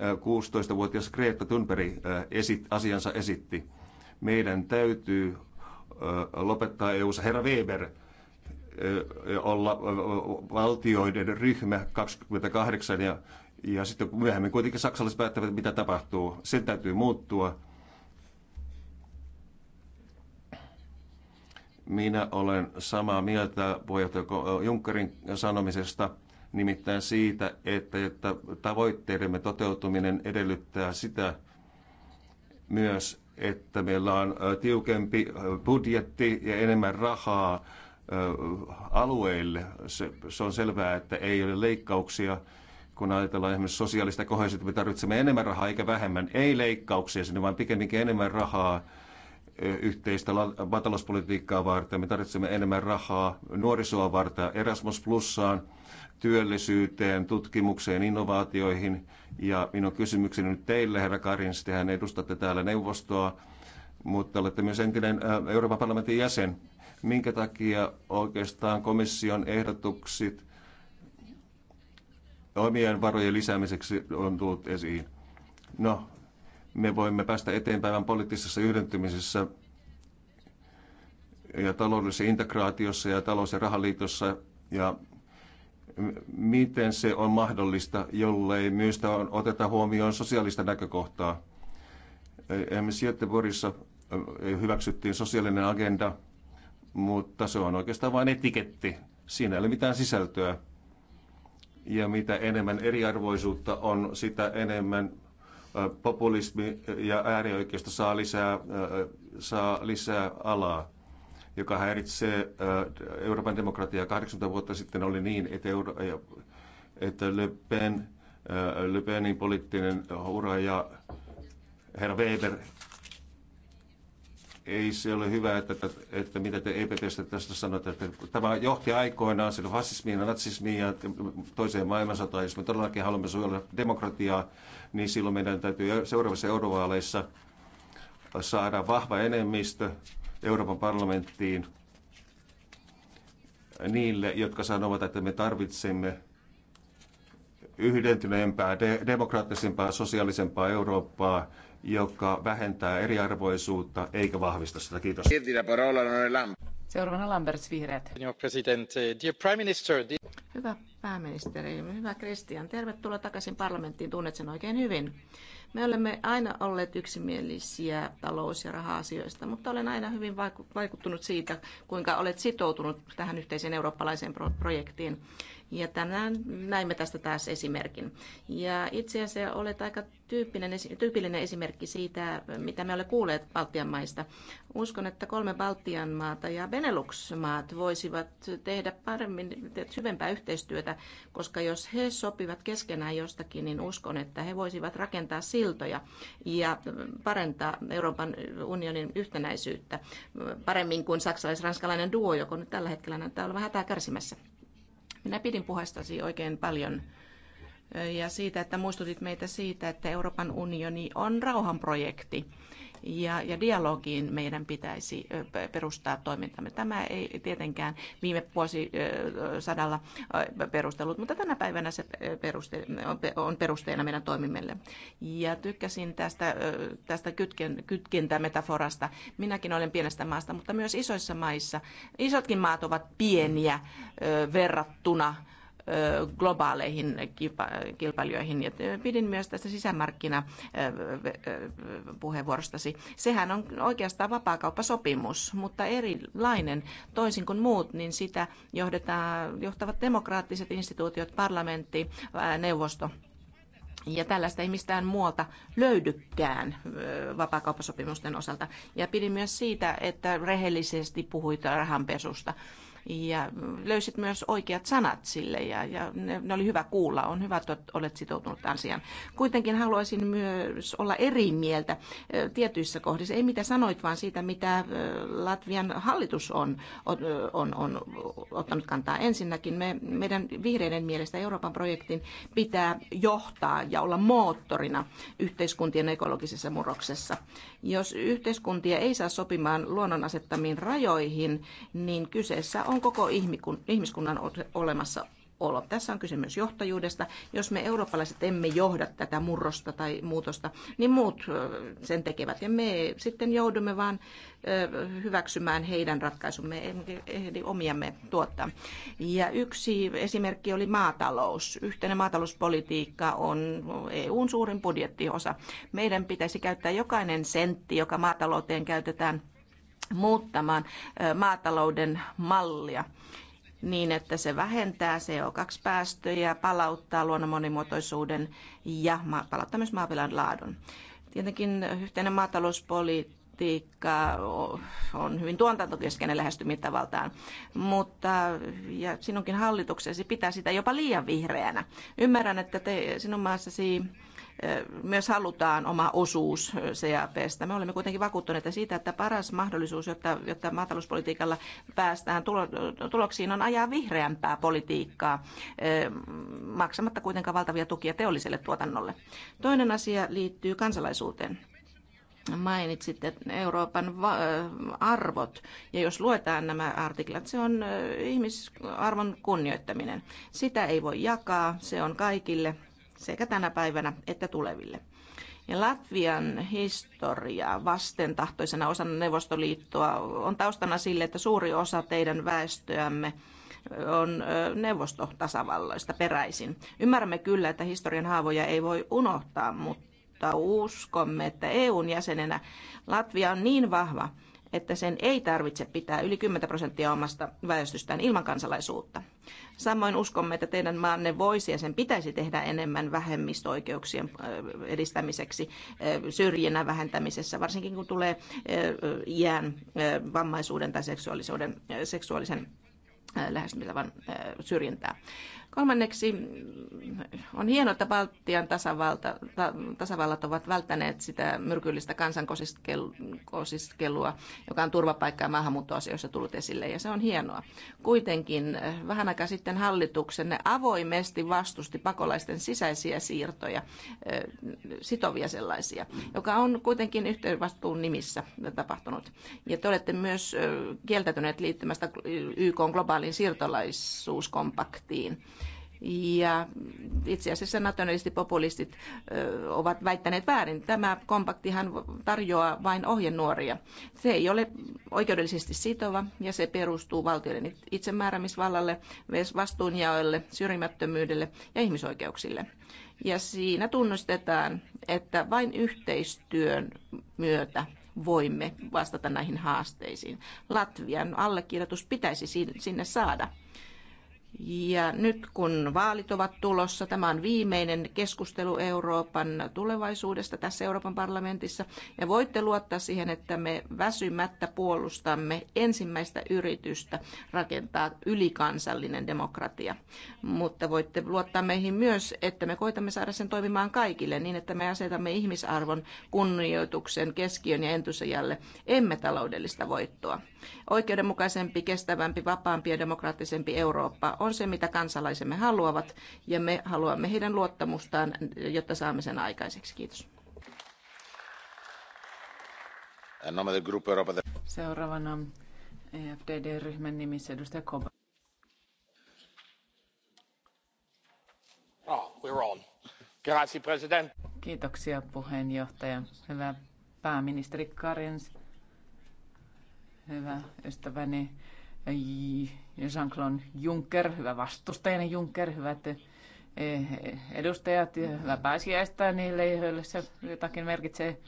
16-vuotias Greta Thunberg esit, asiansa esitti. Meidän täytyy lopettaa EU-ssa. Herra Weber, olla valtioiden ryhmä 28 ja, ja sitten myöhemmin kuitenkin saksalaiset päättävät, mitä tapahtuu. Sen täytyy muuttua. Minä olen samaa mieltä puheenjohtaja Junckerin sanomisesta, nimittäin siitä, että, että tavoitteidemme toteutuminen edellyttää sitä myös, että meillä on tiukempi budjetti ja enemmän rahaa alueille. Se, se on selvää, että ei ole leikkauksia. Kun ajatellaan esimerkiksi sosiaalista kohdista, me tarvitsemme enemmän rahaa eikä vähemmän. Ei leikkauksia sinne, vaan pikemminkin enemmän rahaa yhteistä maatalouspolitiikkaa varten. Me tarvitsemme enemmän rahaa nuorisoa varten, Erasmus Plussaan, työllisyyteen, tutkimukseen, innovaatioihin. Ja minun kysymykseni nyt teille, herra Karins, tehän edustatte täällä neuvostoa, mutta olette myös entinen Euroopan parlamentin jäsen minkä takia oikeastaan komission ehdotukset omien varojen lisäämiseksi on tullut esiin. No, me voimme päästä eteenpäin poliittisessa yhdentymisessä ja taloudellisessa integraatiossa ja talous- ja rahaliitossa ja miten se on mahdollista, jollei myös oteta huomioon sosiaalista näkökohtaa. Esimerkiksi Göteborgissa hyväksyttiin sosiaalinen agenda – mutta se on oikeastaan vain etiketti. Siinä ei ole mitään sisältöä. Ja mitä enemmän eriarvoisuutta on, sitä enemmän populismi ja äärioikeisto saa lisää, saa lisää alaa joka häiritsee Euroopan demokratiaa. 80 vuotta sitten oli niin, että, Euro- että Le, Pen, Le Penin poliittinen ura ja herra Weber ei se ole hyvä, että, että, että mitä te EPPstä tästä sanotte, että tämä johti aikoinaan sinne fasismiin ja natsismiin ja toiseen maailmansotaan. Jos me todellakin haluamme suojella demokratiaa, niin silloin meidän täytyy seuraavissa eurovaaleissa saada vahva enemmistö Euroopan parlamenttiin niille, jotka sanovat, että me tarvitsemme yhdentyneempää, de- demokraattisempaa, sosiaalisempaa Eurooppaa, joka vähentää eriarvoisuutta eikä vahvista sitä. Kiitos. Seuraavana Lambers Vihreät. Hyvä pääministeri, hyvä Christian, tervetuloa takaisin parlamenttiin, tunnet sen oikein hyvin. Me olemme aina olleet yksimielisiä talous- ja raha-asioista, mutta olen aina hyvin vaikuttunut siitä, kuinka olet sitoutunut tähän yhteiseen eurooppalaiseen projektiin. Ja tänään näimme tästä taas esimerkin. Ja itse asiassa olet aika tyyppinen, tyypillinen esimerkki siitä, mitä me olemme kuulleet Baltian maista. Uskon, että kolme Baltian maata ja Benelux-maat voisivat tehdä paremmin, syvempää yhteistyötä, koska jos he sopivat keskenään jostakin, niin uskon, että he voisivat rakentaa siltoja ja parentaa Euroopan unionin yhtenäisyyttä paremmin kuin saksalais-ranskalainen duo, joka nyt tällä hetkellä näyttää olevan hätää kärsimässä. Minä pidin puheestasi oikein paljon ja siitä, että muistutit meitä siitä, että Euroopan unioni on rauhanprojekti ja, ja dialogiin meidän pitäisi perustaa toimintamme. Tämä ei tietenkään viime vuosisadalla perustellut, mutta tänä päivänä se peruste, on perusteena meidän toimimelle. Ja tykkäsin tästä, tästä kytken, kytkentämetaforasta. Minäkin olen pienestä maasta, mutta myös isoissa maissa. Isotkin maat ovat pieniä verrattuna globaaleihin kilpailijoihin. Ja pidin myös tästä sisämarkkinapuheenvuorostasi. Sehän on oikeastaan vapaakauppasopimus, mutta erilainen toisin kuin muut, niin sitä johdetaan, johtavat demokraattiset instituutiot, parlamentti, neuvosto ja tällaista ei mistään muualta löydykään vapaakauppasopimusten osalta. Ja pidin myös siitä, että rehellisesti puhuit rahanpesusta ja löysit myös oikeat sanat sille ja, ja ne, ne oli hyvä kuulla. On hyvä, että olet sitoutunut asiaan. Kuitenkin haluaisin myös olla eri mieltä tietyissä kohdissa. Ei mitä sanoit, vaan siitä, mitä Latvian hallitus on, on, on, on ottanut kantaa. Ensinnäkin me, meidän vihreiden mielestä Euroopan projektin pitää johtaa ja olla moottorina yhteiskuntien ekologisessa murroksessa. Jos yhteiskuntia ei saa sopimaan luonnon asettamiin rajoihin, niin kyseessä on on koko ihmiskunnan olemassaolo. Tässä on kysymys johtajuudesta. Jos me eurooppalaiset emme johda tätä murrosta tai muutosta, niin muut sen tekevät. Ja me sitten joudumme vaan hyväksymään heidän ratkaisumme, eli ehdi omiamme tuottaa. Ja yksi esimerkki oli maatalous. Yhteinen maatalouspolitiikka on EUn suurin budjettiosa. Meidän pitäisi käyttää jokainen sentti, joka maatalouteen käytetään – muuttamaan maatalouden mallia niin, että se vähentää CO2-päästöjä, palauttaa luonnon monimuotoisuuden ja palauttaa myös maapilan laadun. Tietenkin yhteinen maatalouspolitiikka on hyvin tuotantokeskeinen lähestymistavaltaan, mutta ja sinunkin hallituksesi pitää sitä jopa liian vihreänä. Ymmärrän, että te, sinun maassasi myös halutaan oma osuus CAPstä. Me olemme kuitenkin vakuuttuneita siitä, että paras mahdollisuus, jotta, jotta maatalouspolitiikalla päästään tuloksiin, on ajaa vihreämpää politiikkaa maksamatta kuitenkaan valtavia tukia teolliselle tuotannolle. Toinen asia liittyy kansalaisuuteen mainitsitte Euroopan arvot. Ja jos luetaan nämä artiklat, se on ihmisarvon kunnioittaminen. Sitä ei voi jakaa, se on kaikille sekä tänä päivänä että tuleville. Ja Latvian historia vastentahtoisena osana Neuvostoliittoa on taustana sille, että suuri osa teidän väestöämme on neuvostotasavalloista peräisin. Ymmärrämme kyllä, että historian haavoja ei voi unohtaa, mutta uskomme, että EUn jäsenenä Latvia on niin vahva, että sen ei tarvitse pitää yli 10 prosenttia omasta väestöstään ilman kansalaisuutta. Samoin uskomme, että teidän maanne voisi ja sen pitäisi tehdä enemmän vähemmistöoikeuksien edistämiseksi syrjinnän vähentämisessä, varsinkin kun tulee iän, vammaisuuden tai seksuaalisen lähestymistavan syrjintää. Kolmanneksi on hienoa, että Baltian tasavalta, ta, tasavallat ovat välttäneet sitä myrkyllistä kansankosiskelua, joka on turvapaikka- ja maahanmuuttoasioissa tullut esille, ja se on hienoa. Kuitenkin eh, vähän aikaa sitten hallituksenne avoimesti vastusti pakolaisten sisäisiä siirtoja, eh, sitovia sellaisia, joka on kuitenkin yhteenvastuun nimissä tapahtunut. Ja te olette myös eh, kieltäytyneet liittymästä YK globaalin siirtolaisuuskompaktiin ja itse asiassa nationalistipopulistit ovat väittäneet väärin. Tämä kompaktihan tarjoaa vain ohjenuoria. Se ei ole oikeudellisesti sitova ja se perustuu valtioiden itsemääräämisvallalle, vastuunjaoille, syrjimättömyydelle ja ihmisoikeuksille. Ja siinä tunnustetaan, että vain yhteistyön myötä voimme vastata näihin haasteisiin. Latvian allekirjoitus pitäisi sinne saada. Ja nyt kun vaalit ovat tulossa, tämä on viimeinen keskustelu Euroopan tulevaisuudesta tässä Euroopan parlamentissa. Ja voitte luottaa siihen, että me väsymättä puolustamme ensimmäistä yritystä rakentaa ylikansallinen demokratia. Mutta voitte luottaa meihin myös, että me koitamme saada sen toimimaan kaikille niin, että me asetamme ihmisarvon kunnioituksen keskiön ja entusijalle, emme taloudellista voittoa. Oikeudenmukaisempi, kestävämpi, vapaampi ja demokraattisempi Eurooppa on on se, mitä kansalaisemme haluavat, ja me haluamme heidän luottamustaan, jotta saamme sen aikaiseksi. Kiitos. Seuraavana EFDD-ryhmän nimissä edustaja Koba. Oh, we're on. Grazie, president. Kiitoksia puheenjohtaja. Hyvä pääministeri Karins. Hyvä ystäväni Jean-Claude Juncker, hyvä vastustajani Juncker, hyvät eh, edustajat, hyvä pääsiäistä niille, joille se jotakin merkitsee.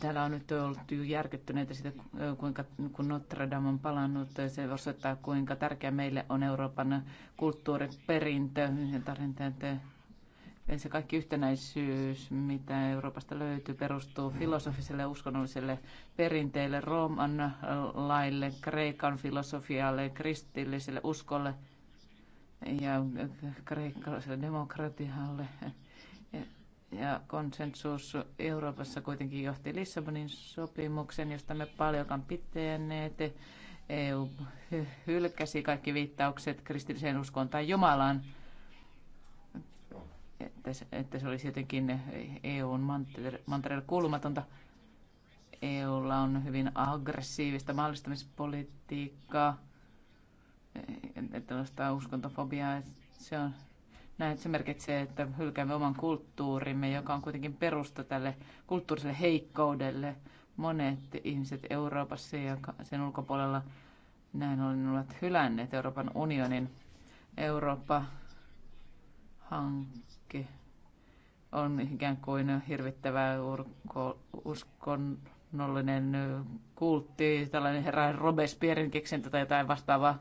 Täällä on nyt ollut järkyttyneitä siitä, kuinka, kun Notre Dame on palannut. Se osoittaa, kuinka tärkeä meille on Euroopan kulttuuriperintö ja tarinteet se kaikki yhtenäisyys, mitä Euroopasta löytyy, perustuu filosofiselle ja uskonnolliselle perinteelle, Rooman laille, Kreikan filosofialle, kristilliselle uskolle ja kreikkalaiselle demokratialle. Ja konsensus Euroopassa kuitenkin johti Lissabonin sopimuksen, josta me paljonkaan piteneet. EU hylkäsi kaikki viittaukset kristilliseen uskoon tai Jumalaan – että, että se olisi jotenkin EUn mantereella kuulumatonta. EUlla on hyvin aggressiivista maallistamispolitiikkaa, eh, tällaista uskontofobiaa. Se, on, näin, se merkitsee, että hylkäämme oman kulttuurimme, joka on kuitenkin perusta tälle kulttuuriselle heikkoudelle. Monet ihmiset Euroopassa ja sen ulkopuolella näin ollen ovat hylänneet Euroopan unionin. Eurooppa hanke on ikään kuin hirvittävä urko, uskonnollinen kultti, tällainen herra Robespierin keksintö tai jotain vastaavaa.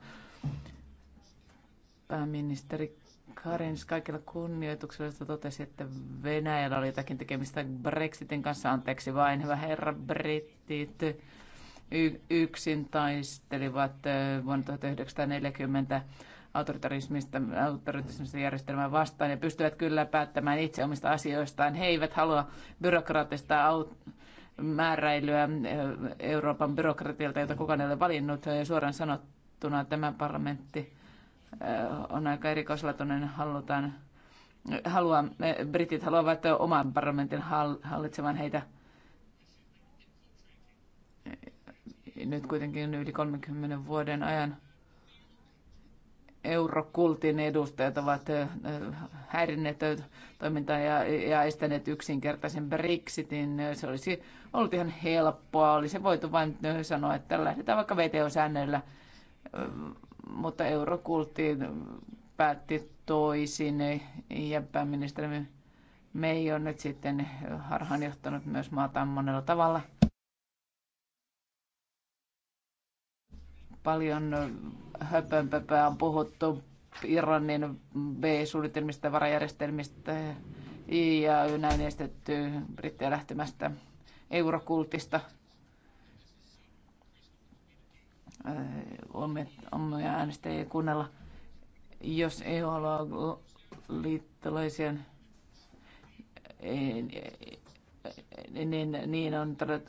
Pääministeri Karins kaikilla kunnioituksella totesi, että Venäjällä oli jotakin tekemistä Brexitin kanssa. Anteeksi vain, hyvä herra, brittit yksin taistelivat äh, vuonna 1940 autoritarismista, autoritarismista järjestelmää vastaan ja pystyvät kyllä päättämään itse omista asioistaan. He eivät halua byrokraattista aut- määräilyä eh, Euroopan byrokratialta, jota kukaan ei ole valinnut. Ja suoraan sanottuna tämä parlamentti eh, on aika erikoislaatuinen, halutaan haluaa, eh, britit haluavat oman parlamentin hallitsevan heitä. Nyt kuitenkin yli 30 vuoden ajan eurokultin edustajat ovat häirinneet toimintaa ja, ja estäneet yksinkertaisen Brexitin. Se olisi ollut ihan helppoa. Olisi voitu vain sanoa, että lähdetään vaikka VTO-säännöillä, mutta eurokultti päätti toisin ja pääministeri ei ole nyt sitten harhaanjohtanut myös maataan monella tavalla – Paljon höpönpöpöä on puhuttu Irlannin B-suunnitelmista, varajärjestelmistä ja näin estetty brittejä lähtemästä eurokultista. Omia äänestäjiä kuunnella, jos ei olla liittolaisia, niin, niin, niin on todella,